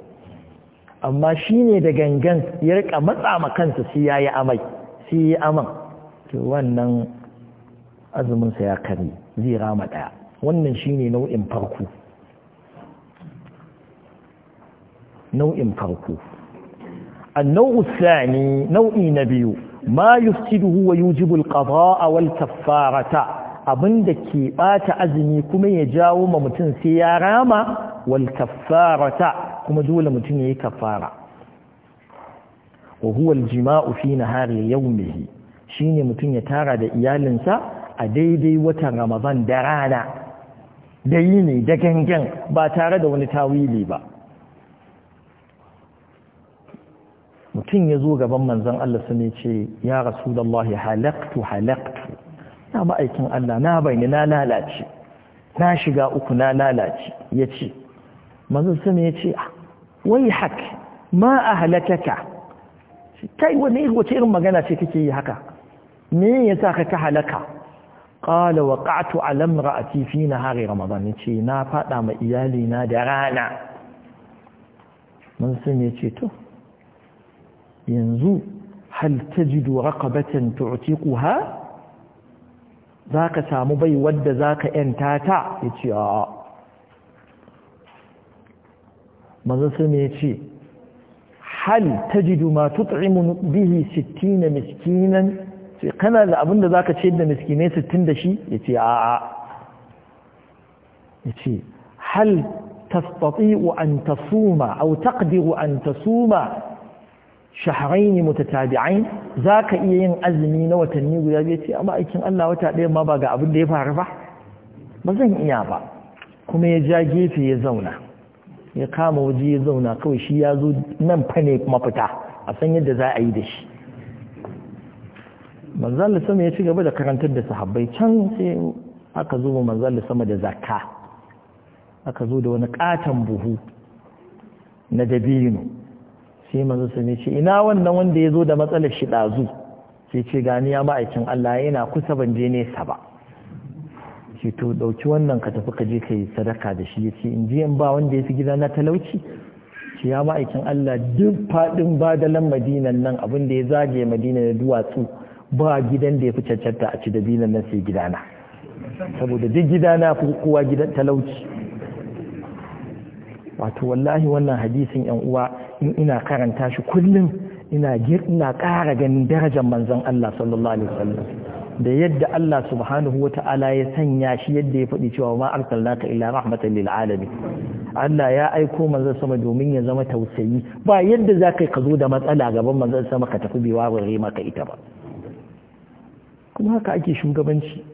amma shine da gangan ya rika matsa ma kansa sai ya yi amai sai yi aman to wannan azuminsa ya kare zai rama ɗaya. wannan shine nau'in farko nau'in farko النوع الثاني نوع نبي ما يفسده ويوجب القضاء والكفارة abin da ke ɓata azumi kuma ya jawo ma mutum sai ya rama wal kaffarata kuma dole mutum yayi kaffara wa huwa al hari fi nahari yawmihi shine mutum ya tara da iyalinsa a daidai watan Ramadan da rana da yini da gangan ba tare da wani tawili ba mutum ya zo gaban manzan Allah sun ce ya rasu da ya halaktu halaktu na ma'aikin Allah na bayani na lalace na shiga uku na lalace ya ce manzon sun ya ce ah, wai hak ma a halakaka kai wani wace irin magana ce kake yi haka me yasa ka ka halaka قال وقعت على امرأتي ramadan نهار رمضان na نا ma iyalina da rana. درانا sun ya ce to yanzu hal tajidu raqabatan tu'tiquha zaka samu bai wadda zaka yanta ta yace a manzo sun yace hal tajidu ma tut'imu bihi 60 miskinan sai kana da abinda zaka ce da miskinai 60 da shi yace a a yace hal tastati'u an tasuma aw taqdiru an tasuma shahrain mutatabi'ain zaka iya yin azumi na watanni guda biyu ce amma aikin Allah wata ɗaya ma ba ga abin da ya faru ba ba zan iya ba kuma ya ja gefe ya zauna ya kama waje ya zauna kawai shi ya zo nan fa ne mafita a san yadda za a yi da shi manzal sama ya ci gaba da karantar da sahabbai can sai aka zo wa manzal sama da zakka aka zo da wani katon buhu na dabino sai manzo ne ce ina wannan wanda ya zo da matsalar shi ɗazu sai ce gani ya ma'aikin Allah yana kusa ban je nesa ba shi to ɗauki wannan ka tafi ka je kai sadaka da shi yace in ji in ba wanda ya fi gida na talauci shi ya ma'aikin Allah duk faɗin badalan madinan nan abin da ya zage madina da duwatsu ba gidan da ya fi cancanta a ci da nan sai gidana saboda duk gidana fi kowa gidan talauci wato wallahi wannan hadisin yan uwa in ina karanta shi kullum ina ina ƙara ganin darajar manzon Allah sallallahu alaihi wasallam da yadda Allah subhanahu wa ta'ala ya sanya shi yadda ya faɗi cewa ma ka illa rahmatan lil alamin Allah ya aiko manzon sama domin ya zama tausayi ba yadda za ka zo da matsala gaban manzon sama ka tafi bai warware maka ita ba kuma haka ake shugabanci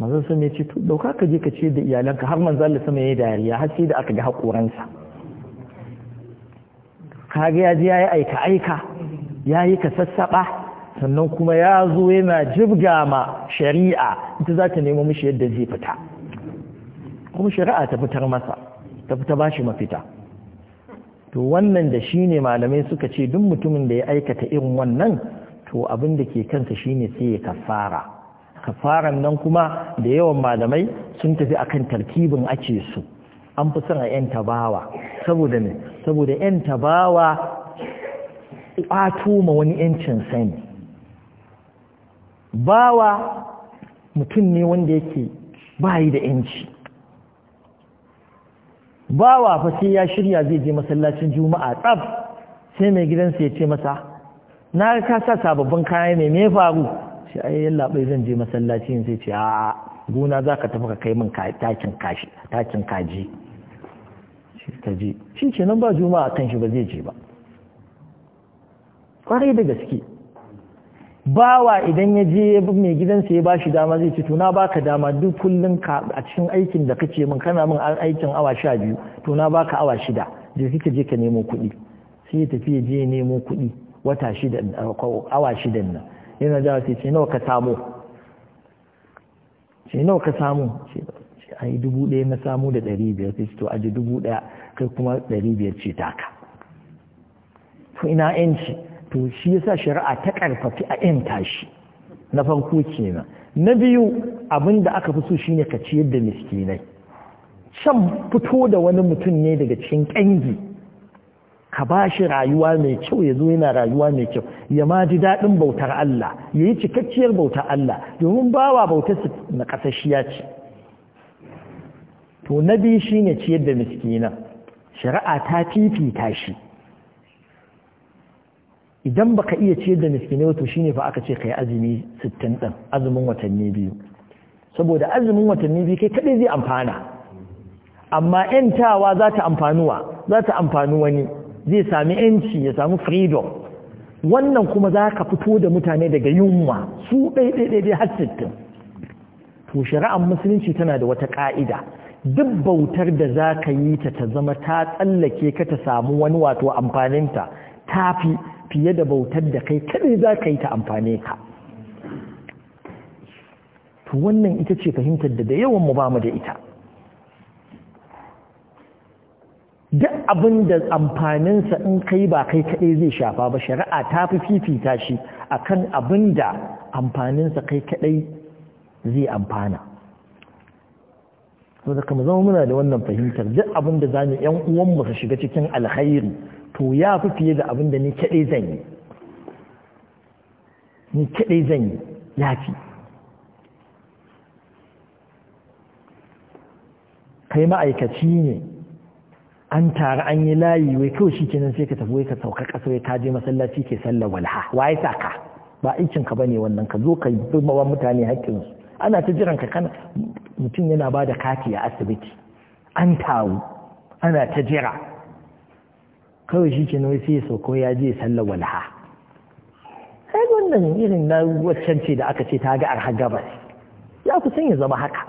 manzon sama ya ce to dauka ka je ka ce da iyalanka har manzon Allah sama ya yi dariya har sai da aka ga hakoransa kage ya ji ya yi aika aika ya yi ka sassaɓa sannan kuma ya zo yana jibga ma shari'a ita za ta nemo mishi yadda zai fita kuma shari'a ta fitar masa ta fita ba shi mafita to wannan da shi ne malamai suka ce duk mutumin da ya aikata irin wannan to abin da ke kansa shi ne sai ya kafara kafaran nan kuma da yawan malamai sun tafi akan tarkibin ake su an fi son a 'yan tabawa saboda ne saboda ‘yan tabawa ƙwato ma wani ‘yancin sani bawa mutum ne wanda yake bayi da ‘yanci bawa fa sai ya shirya zai je masallacin juma'a tsab sai mai gidansa ya ce masa na ka sa sababbin kaya mai me faru sai ai zan je masallacin sai ce a gona ka tafi ka kai min takin kaji ta je shi ce nan ba a kan shi ba zai je ba kwarai da gaske bawa idan ya je mai gidansa ya bashi dama zai ce tuna baka dama duk kullum a cikin aikin da kace min kana min aikin awa sha biyu tuna baka awa shida da kika je ka nemo kuɗi sai ya tafi ya je nemo kuɗi wata shida awa shida nan yana jawa sai ce nawa ka samu ce nawa ka samu ce ai dubu ɗaya na samu da ɗari biyar sai to aji dubu ɗaya kai kuma ɗari biyar ce taka to ina yanci to shi yasa shari'a ta ƙarfafi a 'yan tashi. na farko kenan na biyu abin da aka fi so shine ka ciyar da miskinai can fito da wani mutum ne daga cikin ƙangi ka ba shi rayuwa mai kyau ya zo yana rayuwa mai kyau ya ma ji daɗin bautar Allah ya yi cikakkiyar bautar Allah domin bawa bautarsa na ƙasashiya ce to na biyu shi ne ciyar da miskina shari'a ta fifita shi idan baka iya ciyar da wato to ne fa aka ce ka yi azumi 60 ɗan azumin watanni biyu saboda azumin watanni biyu kai kadai zai amfana amma yantawa za ta amfanuwa za ta amfani wani zai sami yanci ya sami freedom wannan kuma za ka fito da mutane daga yunwa su ɗai har sittin to shari'ar musulunci tana da wata ƙa'ida duk bautar da za ka yi ta ta zama ta tsallake ka ta samu wani wato amfaninta ta fi fiye da bautar da kai kadai za ka yi ta amfane ka to wannan ita ce fahimtar da da yawan mu bamu da ita duk abin da amfaninsa in kai ba kai kadai zai shafa ba shari'a ta fi fifita shi akan abin da amfaninsa kai kadai zai amfana to da kama zama muna da wannan fahimtar duk abin da zamu yan uwan mu su shiga cikin alkhairi to ya fi fiye da abin da ni kaɗai zan yi ni zan yi ya fi kai ma'aikaci ne an tare an yi layi wai kawai shi kenan sai ka tafi wai ka sauka kasar wai ka je masallaci ke sallar walha waye sa ba aikinka ba ne wannan ka zo ka yi mutane hakkin su. ana ta jiran ka kana mutum yana ba da kati a asibiti an tawo. ana ta jira kawai shi ke nawai sai sauko ya je sallar walha sai wannan irin na waccan ce da aka ce ta ga arha gabas ya kusan ya zama haka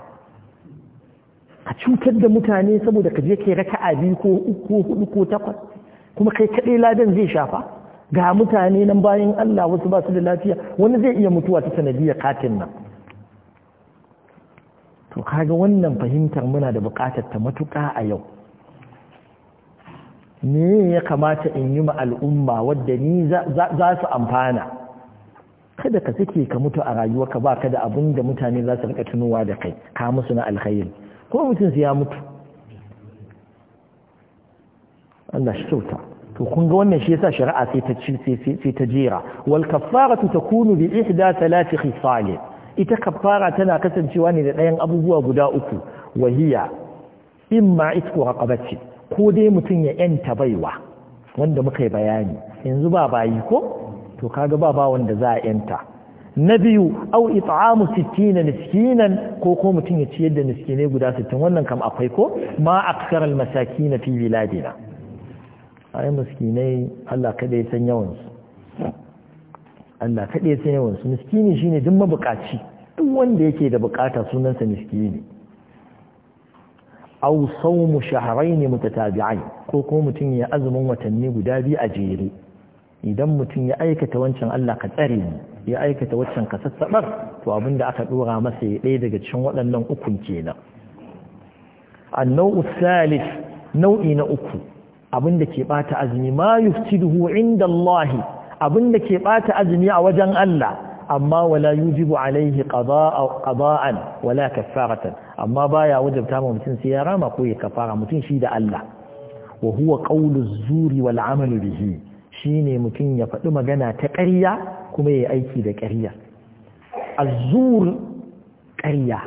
a cutar da mutane saboda ka je kai raka'a biyu ko uku hudu ko takwas kuma kai kaɗai ladan zai shafa ga mutane nan bayan Allah wasu ba su da lafiya wani zai iya mutuwa ta sanadiyar katin nan to kaga wannan fahimtar muna da buƙatar ta matuƙa a yau me ya kamata in yi ma al'umma wadda ni za su amfana kada ka sake ka mutu a rayuwarka ba ka da abin da mutane za su rika tunowa da kai ka musu na alkhairi ko mutum su ya mutu Allah shi kyauta to kun ga wannan shi yasa shari'a sai ta ci sai ta jera wal kaffaratu takunu bi ihda thalath khisal ita kafara tana kasancewa ne da ɗayan abubuwa guda uku wahiya imma haƙaba ce. ko dai mutum ya yanta baiwa wanda muka yi bayani yanzu ba bayi ko to kaga ba ba wanda za a yanta na biyu au it'amu sittina miskinan ko ko mutum ya ciyar da miskinai guda sittin, wannan kam akwai ko ma aksar al masakin fi biladina ai miskinai Allah kada ya san yawan Allah kaɗai sai yawan su miskini shine duk mabukaci duk wanda yake da bukata sunansa miskini mu shaharai ne mutatabi'ain ko kuma mutum ya azumin watanni guda biyu a jere idan mutum ya aikata wancan Allah ka tsare ni ya aikata wancan ka sassabar to abinda aka ɗora masa ya ɗaya daga cikin waɗannan ukun kenan annau salif nau'i na uku abin da ke bata azumi ma yuftiduhu inda Allah abin da ke ɓata azumi a wajen Allah amma wala yujibu alaihi qada'an wala kafaratan amma baya wajabta ma mutum sai ya rama ko ya kafara mutum shi da Allah wa huwa qawlu zuri wal amalu bihi shine mutum ya faɗi magana ta ƙarya kuma ya aiki da ƙarya az-zur ƙarya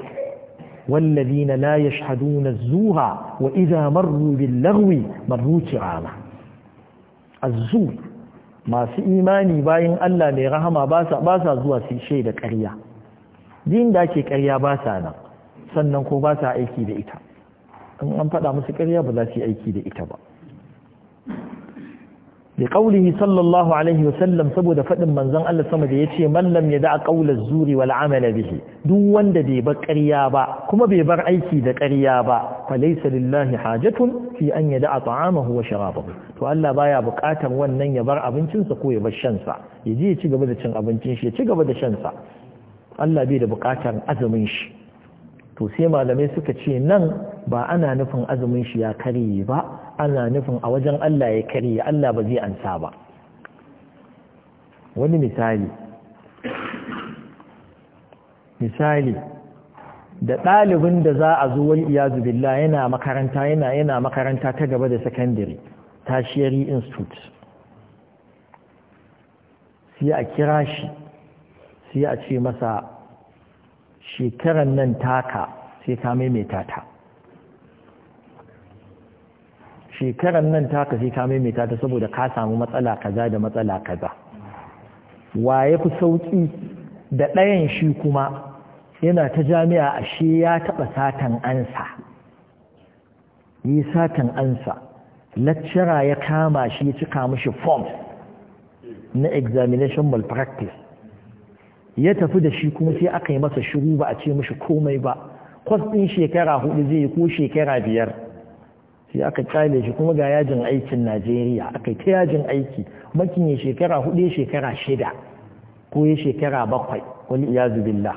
والذين لا يشهدون الزور وإذا مروا باللغو مروا كراما الزور masu imani bayan Allah mai rahama ba sa zuwa su shaida ƙarya din da ake ƙarya ba sa nan sannan ko ba sa aiki da ita in an faɗa musu ƙarya ba za su yi aiki da ita ba bi qawlihi sallallahu alaihi wasallam saboda faɗin manzon Allah sama da yace man lam yada'a qawla zuri wal amala bihi duk wanda bai bar karya ba kuma bai bar aiki da karya ba fa laysa lillahi hajatun fi an yada'a ta'amahu wa sharabahu to Allah baya buƙatar wannan ya bar abincinsa ko ya bar shansa, ya je ya ci gaba da cin abincin shi ya ci gaba da shansa. Allah bai da buƙatar azumin shi to sai malamai suka ce nan ba ana nufin azumin shi ya karye ba ana nufin a wajen Allah ya karye Allah ba zai ansa ba wani misali misali da ɗalibin da za a zo wani iyazu billah yana makaranta yana yana makaranta ta gaba da secondary tertiary institute sai a kira shi sai a ce masa shekaran nan taka sai ka maimaita ta shekaran nan ta ka sai ka maimaita ta saboda ka samu matsala kaza da matsala kaza wa ya fi sauƙi da ɗayan shi kuma yana ta jami'a ashe ya taɓa satan ansa yi satan ansa lecturer ya kama shi ya cika mashi form na examination malpractice ya tafi da shi kuma sai aka yi masa shiru ba a ce mashi komai ba kwas ɗin shekara hudu zai yi ko shekara biyar sai aka kyale shi kuma ga yajin aikin najeriya aka ta yajin aiki makin ya shekara hudu shekara shida ko ya shekara bakwai wani iyazu billah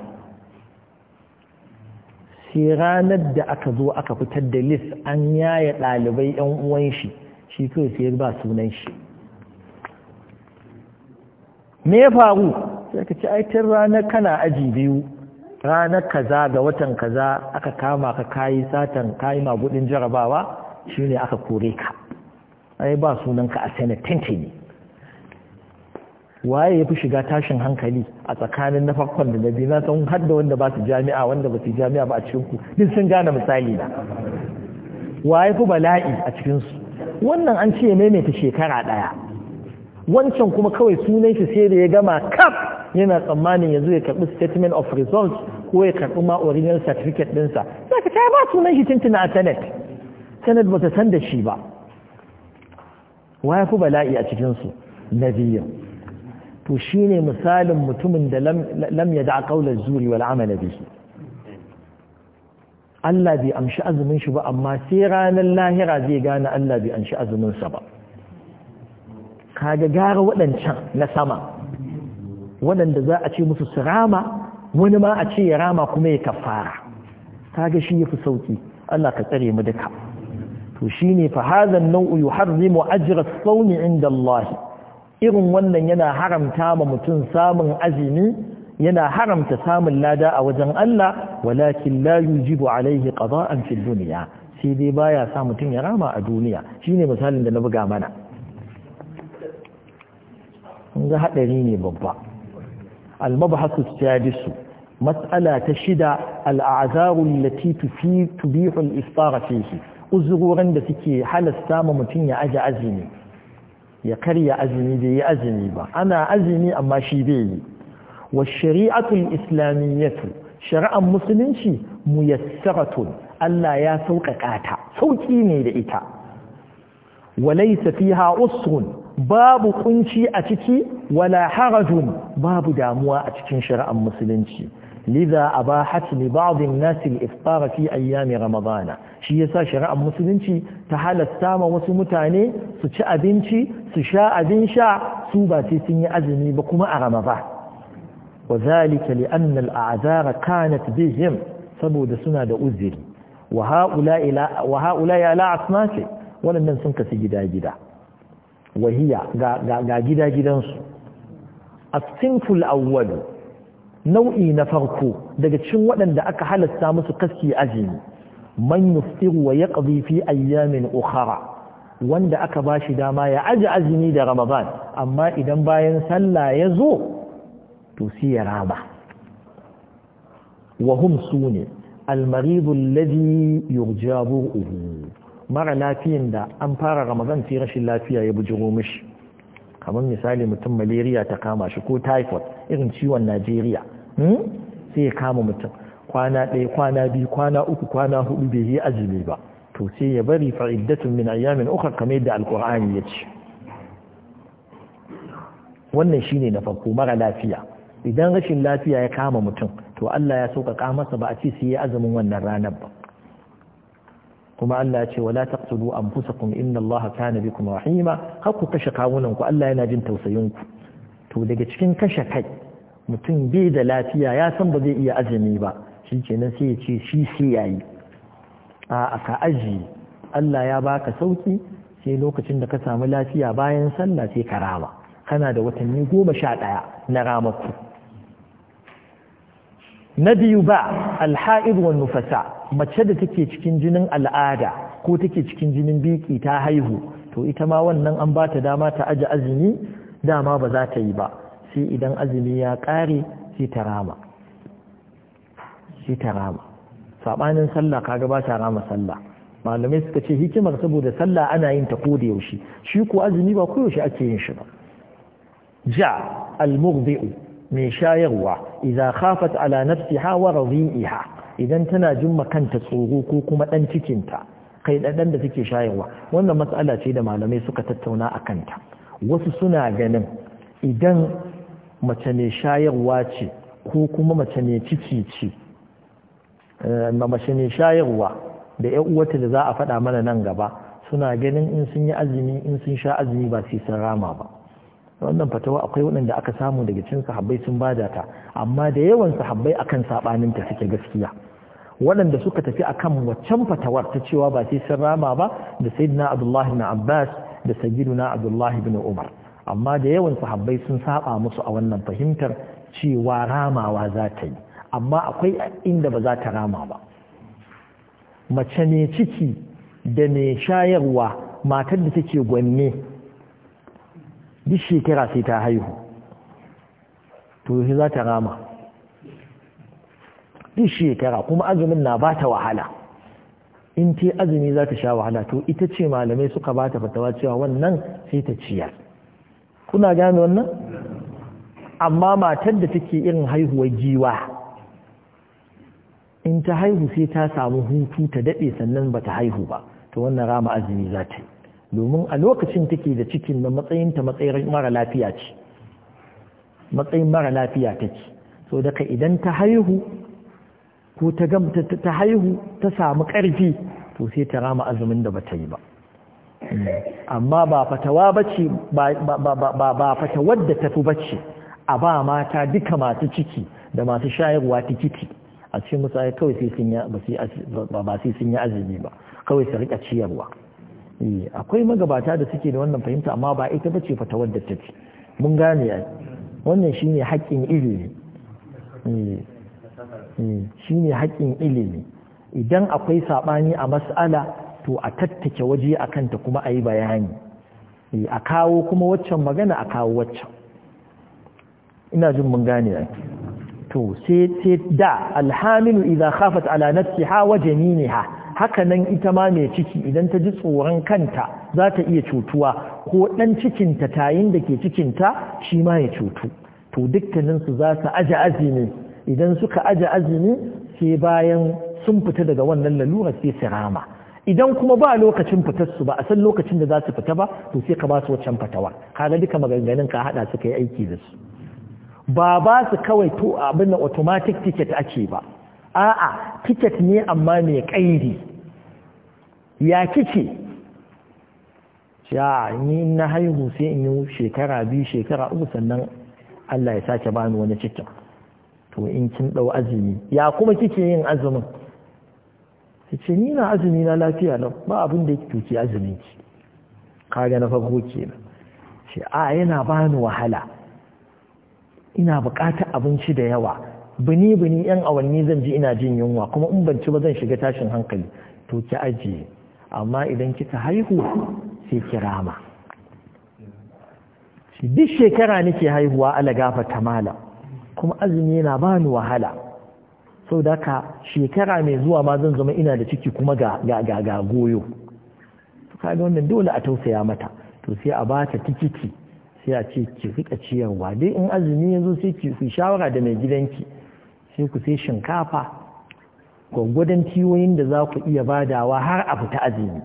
sai ranar da aka zo aka fitar da list an yaya ɗalibai yan uwan shi shi kawai sai ba sunan shi me ya faru sai ka ci aitin ranar kana aji biyu ranar kaza ga watan kaza aka kama ka kayi satan kayi magudin jarabawa ne aka kore ka ai ba sunanka a senate waye ya fi shiga tashin hankali a tsakanin na farkon da na biyu na san har da wanda ba su jami'a wanda ba su jami'a ba a cikin ku din sun gane misali na waye fi bala'i a cikin su wannan an ce maimaita shekara daya wancan kuma kawai sunan shi sai da ya gama kaf yana tsammanin yanzu ya karbi statement of results ko ya karbi ma original certificate dinsa zaka ta ba sunan shi tuntuna a senate sanad bata san da shi ba wa ya fi bala'i a cikinsu na biyu to shi ne misalin mutumin da lam ya da kaular zuri wal amala bihi Allah bai amshi azumin shi ba amma sai ranar lahira zai gane Allah bai amshi azumin sa ba kaga gara waɗancan na sama waɗanda za a ce musu su rama wani ma a ce ya rama kuma ya kafara kaga shi ya fi Allah ka tsare mu duka to shi ne hadha nau'u nawu yuharrimu ajra as-sawm 'inda Allah irin wannan yana haramta ma mutum samun azimi yana haramta samun lada a wajen Allah walakin la yujibu alaihi an fi duniya sai dai baya sa mutum ya rama a duniya shine misalin da na buga mana ga haɗari ne babba al-mabhasu matsala ta shida al-a'zaru allati tufi tubihu al-iftar uzurorin da suke halasta ma mutum ya aje azumi ya karya azumi bai yi azumi ba ana azumi amma shi bai yi wa shari'atul islamiyyatu shari'ar musulunci muyassaratun Allah ya sauƙaƙa ta sauƙi ne da ita walaysa fiha usrun babu kunci a ciki wala harajun babu damuwa a cikin shari'ar musulunci لذا أباحت لبعض الناس الإفطار في أيام رمضان شي يسا شراء مسلمشي تحال السامة وسمتاني سشاء بنشي سشاء بنشا سوبا تسيني أزمي بكما رمضان وذلك لأن الأعذار كانت بهم سبود سنة أزل وهؤلاء لا, وهؤلاء لا عصماتي ولن ننسنك سجدا جدا وهي جدا جدا الصنف الأول nau'i na farko daga cikin waɗanda aka halasta musu kaski azumi man yuftiru wa yaqdi fi ayyamin ukhra wanda aka bashi dama ya aji azumi da ramadan amma idan bayan sallah ya zo to sai ya rama wa hum sune al-marid alladhi mara lafiyan da an fara ramadan sai rashin lafiya ya bujiro mishi kamar misali mutum malaria ta kama shi ko typhoid irin ciwon Najeriya Hmm? sai ya kama mutum kwana ɗaya kwana biyu kwana uku kwana hudu bai yi azumi ba to sai ya bari fa'iddatun min ayyamin ukhra kamar yadda alqur'ani ya ce wannan shine na farko mara lafiya idan rashin lafiya ya kama mutum to Allah ya sauka masa ba a ce sai ya azumin wannan ranar ba kuma Allah ya ce wala taqtulu anfusakum inna Allaha kana bikum rahima Karku kashe kawunanku Allah yana jin tausayin ku to daga cikin kashe kai mutum bai da lafiya ya san ba zai iya azumi ba shi kenan sai ya ce shi sai ya yi a ka aji Allah ya baka sauki sai lokacin da ka samu lafiya bayan sallah sai ka rama kana da watanni goma sha ɗaya na ramaku na biyu ba alha'ir wa nufasa mace da take cikin jinin al'ada ko take cikin jinin biki ta haihu to ita ma wannan an ba ta dama ta aji azumi dama ba za ta yi ba sai idan azumi ya ƙare sai ta rama ta rama saɓanin sallah ka gabata ta rama sallah malamai suka ce hikimar saboda sallah ana yin ta koda yaushe shi ko azumi ba koyaushe ake yin shi ba ja al-mughdi'u mai shayarwa idza khafat ala nafsiha wa radhi'iha idan tana jin kanta tsoro ko kuma dan cikinta kai dan da take shayarwa wannan matsala ce da malamai suka tattauna akan ta wasu suna ganin idan mace mai shayarwa ce ko kuma mace mai ciki ce eh, mace mai shayarwa da ya uwata da za a faɗa mana nan gaba suna ganin in sun yi azumi in sun sha azumi ba sai sun rama ba wannan fatawa akwai waɗanda aka samu daga cikin sahabbai sun bada ta amma da yawan sahabbai akan sabanin ta suke gaskiya waɗanda suka tafi akan waccan fatawar ta cewa ba sai sun rama ba da sayyidina abdullahi bin abbas da sayyidina abdullahi bin umar amma da yawan sahabbai sun saba musu a wannan fahimtar cewa ramawa za ta yi amma akwai inda ba za ta rama ba mace ne ciki da mai shayarwa matar da take gwanne duk shekara sai ta haihu to shi za ta rama duk shekara kuma azumin na ba ta wahala in te azumi za ta sha wahala to ita ce malamai suka ba ta fatawa cewa wannan sai ta ciyar kuna gane wannan amma matar da take irin haihuwar jiwa in ta haihu sai ta samu hutu ta daɗe sannan ba ta haihu ba to wannan rama azumi za ta yi domin a lokacin take da cikin na matsayinta matsayin mara lafiya ce matsayin mara lafiya take so daga idan ta haihu ko ta gamta ta haihu ta samu ƙarfi to sai ta rama azumin da ba ta yi ba amma ba fatawa bace ba fatawar da tafi bace a ba mata duka masu ciki da masu shayarwa tikiti a cikin musayi kawai sai sun ba sai sun yi azumi ba kawai su rika ciyarwa eh, akwai magabata da suke da wannan fahimta amma ba ita bace fatawar da tafi mun gane ai wannan ne haƙƙin ilimi eh, eh, shine haƙƙin ilimi idan akwai saɓani a mas'ala to a tattake waje a kanta kuma a yi bayani eh, a kawo kuma waccan magana a kawo waccan ina jin mun gane ai to sai da alhamilu idza khafat ala nafsiha wa ha. haka nan ita ma mai ciki idan ta ji tsoron kanta za ta iya cutuwa ko dan cikinta tayin da ke cikinta shi ma ya cutu to dukkaninsu za su aje azumi idan suka aje azumi sai bayan sun fita daga wannan lalura sai su rama idan kuma ba lokacin fitar su ba a san lokacin da za su fita ba to sai ka ba su wancan fatawa kaga duka maganganun ka hada su kai aiki da su ba ba su kawai to abin da automatic ticket ake ba a'a ticket ne amma mai kairi ya kike ya ni na haihu sai in yi shekara biyu shekara uku sannan Allah ya sake bani wani cikin to in kin dau azumi ya kuma kike yin azumin Sai ce ni na azumi na lafiya na ba abin da ya tuki azumin ki kaga na farko kena. ce a yana ba ni wahala ina bukatar abinci da yawa bini bini yan awanni zan ji ina jin yunwa kuma in ban ci ba zan shiga tashin hankali to ki ajiye amma idan kika haihu sai ki rama duk shekara nake haihuwa ala gafa tamala kuma azumi yana ni wahala sau da ka shekara mai zuwa ma zan zama ina da ciki kuma ga goyo su kaga wannan dole a tausaya mata to sai a ba ta tikiti sai a ce ki rika ciyarwa dai in azumi yanzu sai ki ku shawara da mai gidanki sai ku sai shinkafa gwaggwadon tiwoyin da za ku iya badawa har a fita azumi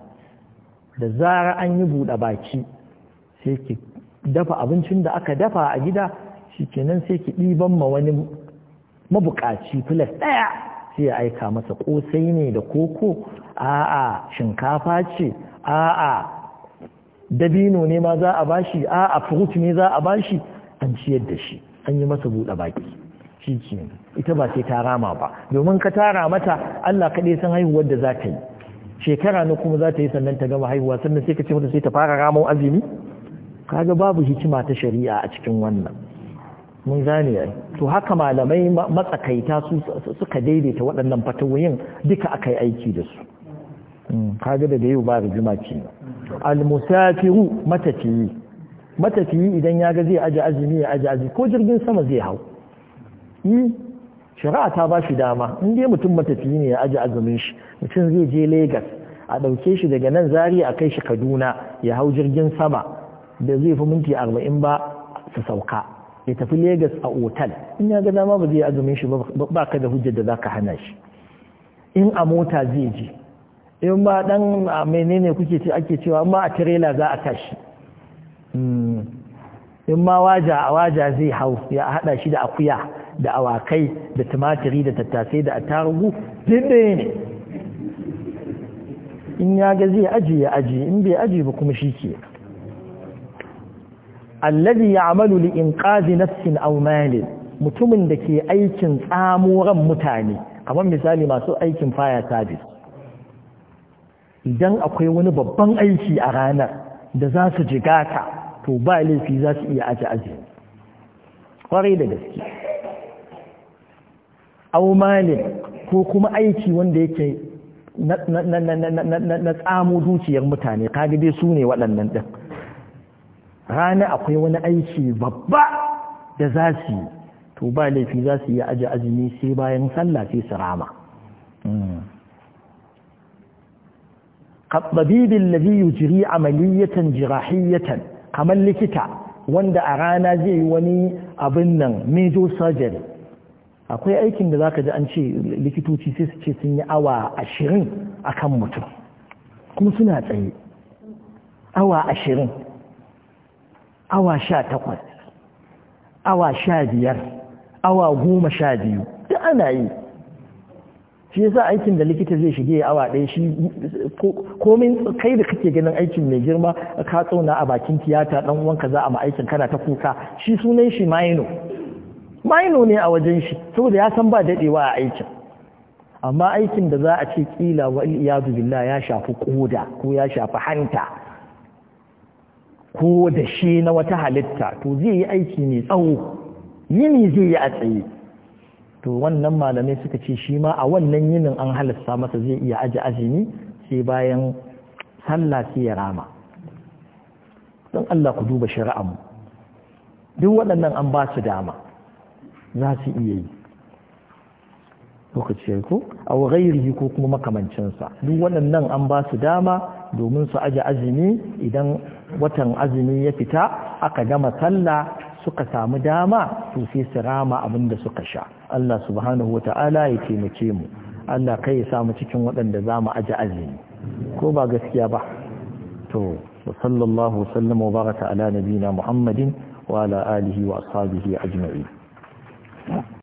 da zara an yi buɗe baki sai ki dafa abincin da aka dafa a gida shikenan sai ki ɗiban ma wani mabukaci filas ɗaya sai ya aika masa kosai ne da koko a'a shinkafa ce a'a dabino ne ma za a bashi a'a fruit ne za a bashi an ciyar da shi an yi masa buɗe baki shi ce ita ba sai ta rama ba domin ka tara mata Allah kaɗai san haihuwar da za ta yi shekara na kuma za ta yi sannan ta gama haihuwa sannan sai ka ce mata sai ta fara ramo azumi kaga babu hikima ta shari'a a cikin wannan mun gane yi. to haka malamai matsakaita su suka daidaita waɗannan fatawoyin duka aka yi aiki da su mm, kaga da yau ba rijima ce almusafiru matafiyi matafiyi idan ya ga zai aji azumi ya aji azumi ko jirgin sama zai hau yi shari'a ta ba shi dama in dai mutum matafiyi ne ya aji azumin shi mutum zai je Legas a ɗauke shi daga nan zari a kai shi Kaduna ya hau jirgin sama da zai fi minti arba'in ba su sauka ya tafi Legas a otal in ya ga dama ba zai azumin shi ba ka da hujjar da za ka hana shi in a mota zai je in ba dan menene kuke ce ake cewa amma a tirela za a tashi hmm. in ma waja a waja zai hau ya hada shi da akuya da awakai da tumatiri da tattasai da attarugu dinde ne in ya ga zai ajiye ya aji in bai ajiye ba kuma shi ke alladhi ya'malu li inqazi nafsin aw malin mutumin da ke aikin tsamoran mutane kamar misali masu aikin faya service idan akwai wani babban aiki a ranar da za su jigata to ba laifi za su iya aji aji kwarai da gaske aw ko kuma aiki wanda yake na tsamo dukiyar mutane kaga dai su ne waɗannan ɗin rana akwai wani aiki babba da za su yi to ba laifi za su yi aji azumi sai bayan sallah sai su rama qabbabibin ladhi yujri amaliyatan jirahiyatan kamar likita wanda a rana zai yi wani abin nan major surgery akwai aikin da zaka ji an ce likitoci sai su ce sun yi awa ashirin akan mutum kuma suna tsaye awa ashirin awa sha takwas awa sha biyar awa goma sha biyu da ana yi shi yasa aikin da likita zai shige ya awa ɗaya shi komin kai da kake ganin aikin mai girma ka tsauna a bakin tiyata ɗan uwanka za a ma aikin kana ta kuka shi sunan shi maino maino ne a wajen shi saboda ya san ba daɗewa a aikin amma aikin da za a ce kila wa iyadu billah ya shafi koda ko ya shafi hanta ko da shi na wata halitta to zai yi aiki ne tsawo yini zai yi a tsaye to wannan malamai suka ce shi ma a wannan yinin an halasta masa zai iya aji azumi sai bayan sallah sai ya rama don Allah ku duba mu. duk waɗannan an ba su dama za su iya yi lokaci ko a ghairihi ko kuma makamancinsa duk waɗannan an ba su dama domin su aji azumi idan watan azumi ya fita aka gama sallah suka samu dama su sai su rama abin da suka sha Allah subhanahu wata'ala ya taimake mu Allah kai ya samu cikin waɗanda za mu aji azumi ko ba gaskiya ba to وصلى الله وسلم وبارك على نبينا wa وعلى آله وأصحابه أجمعين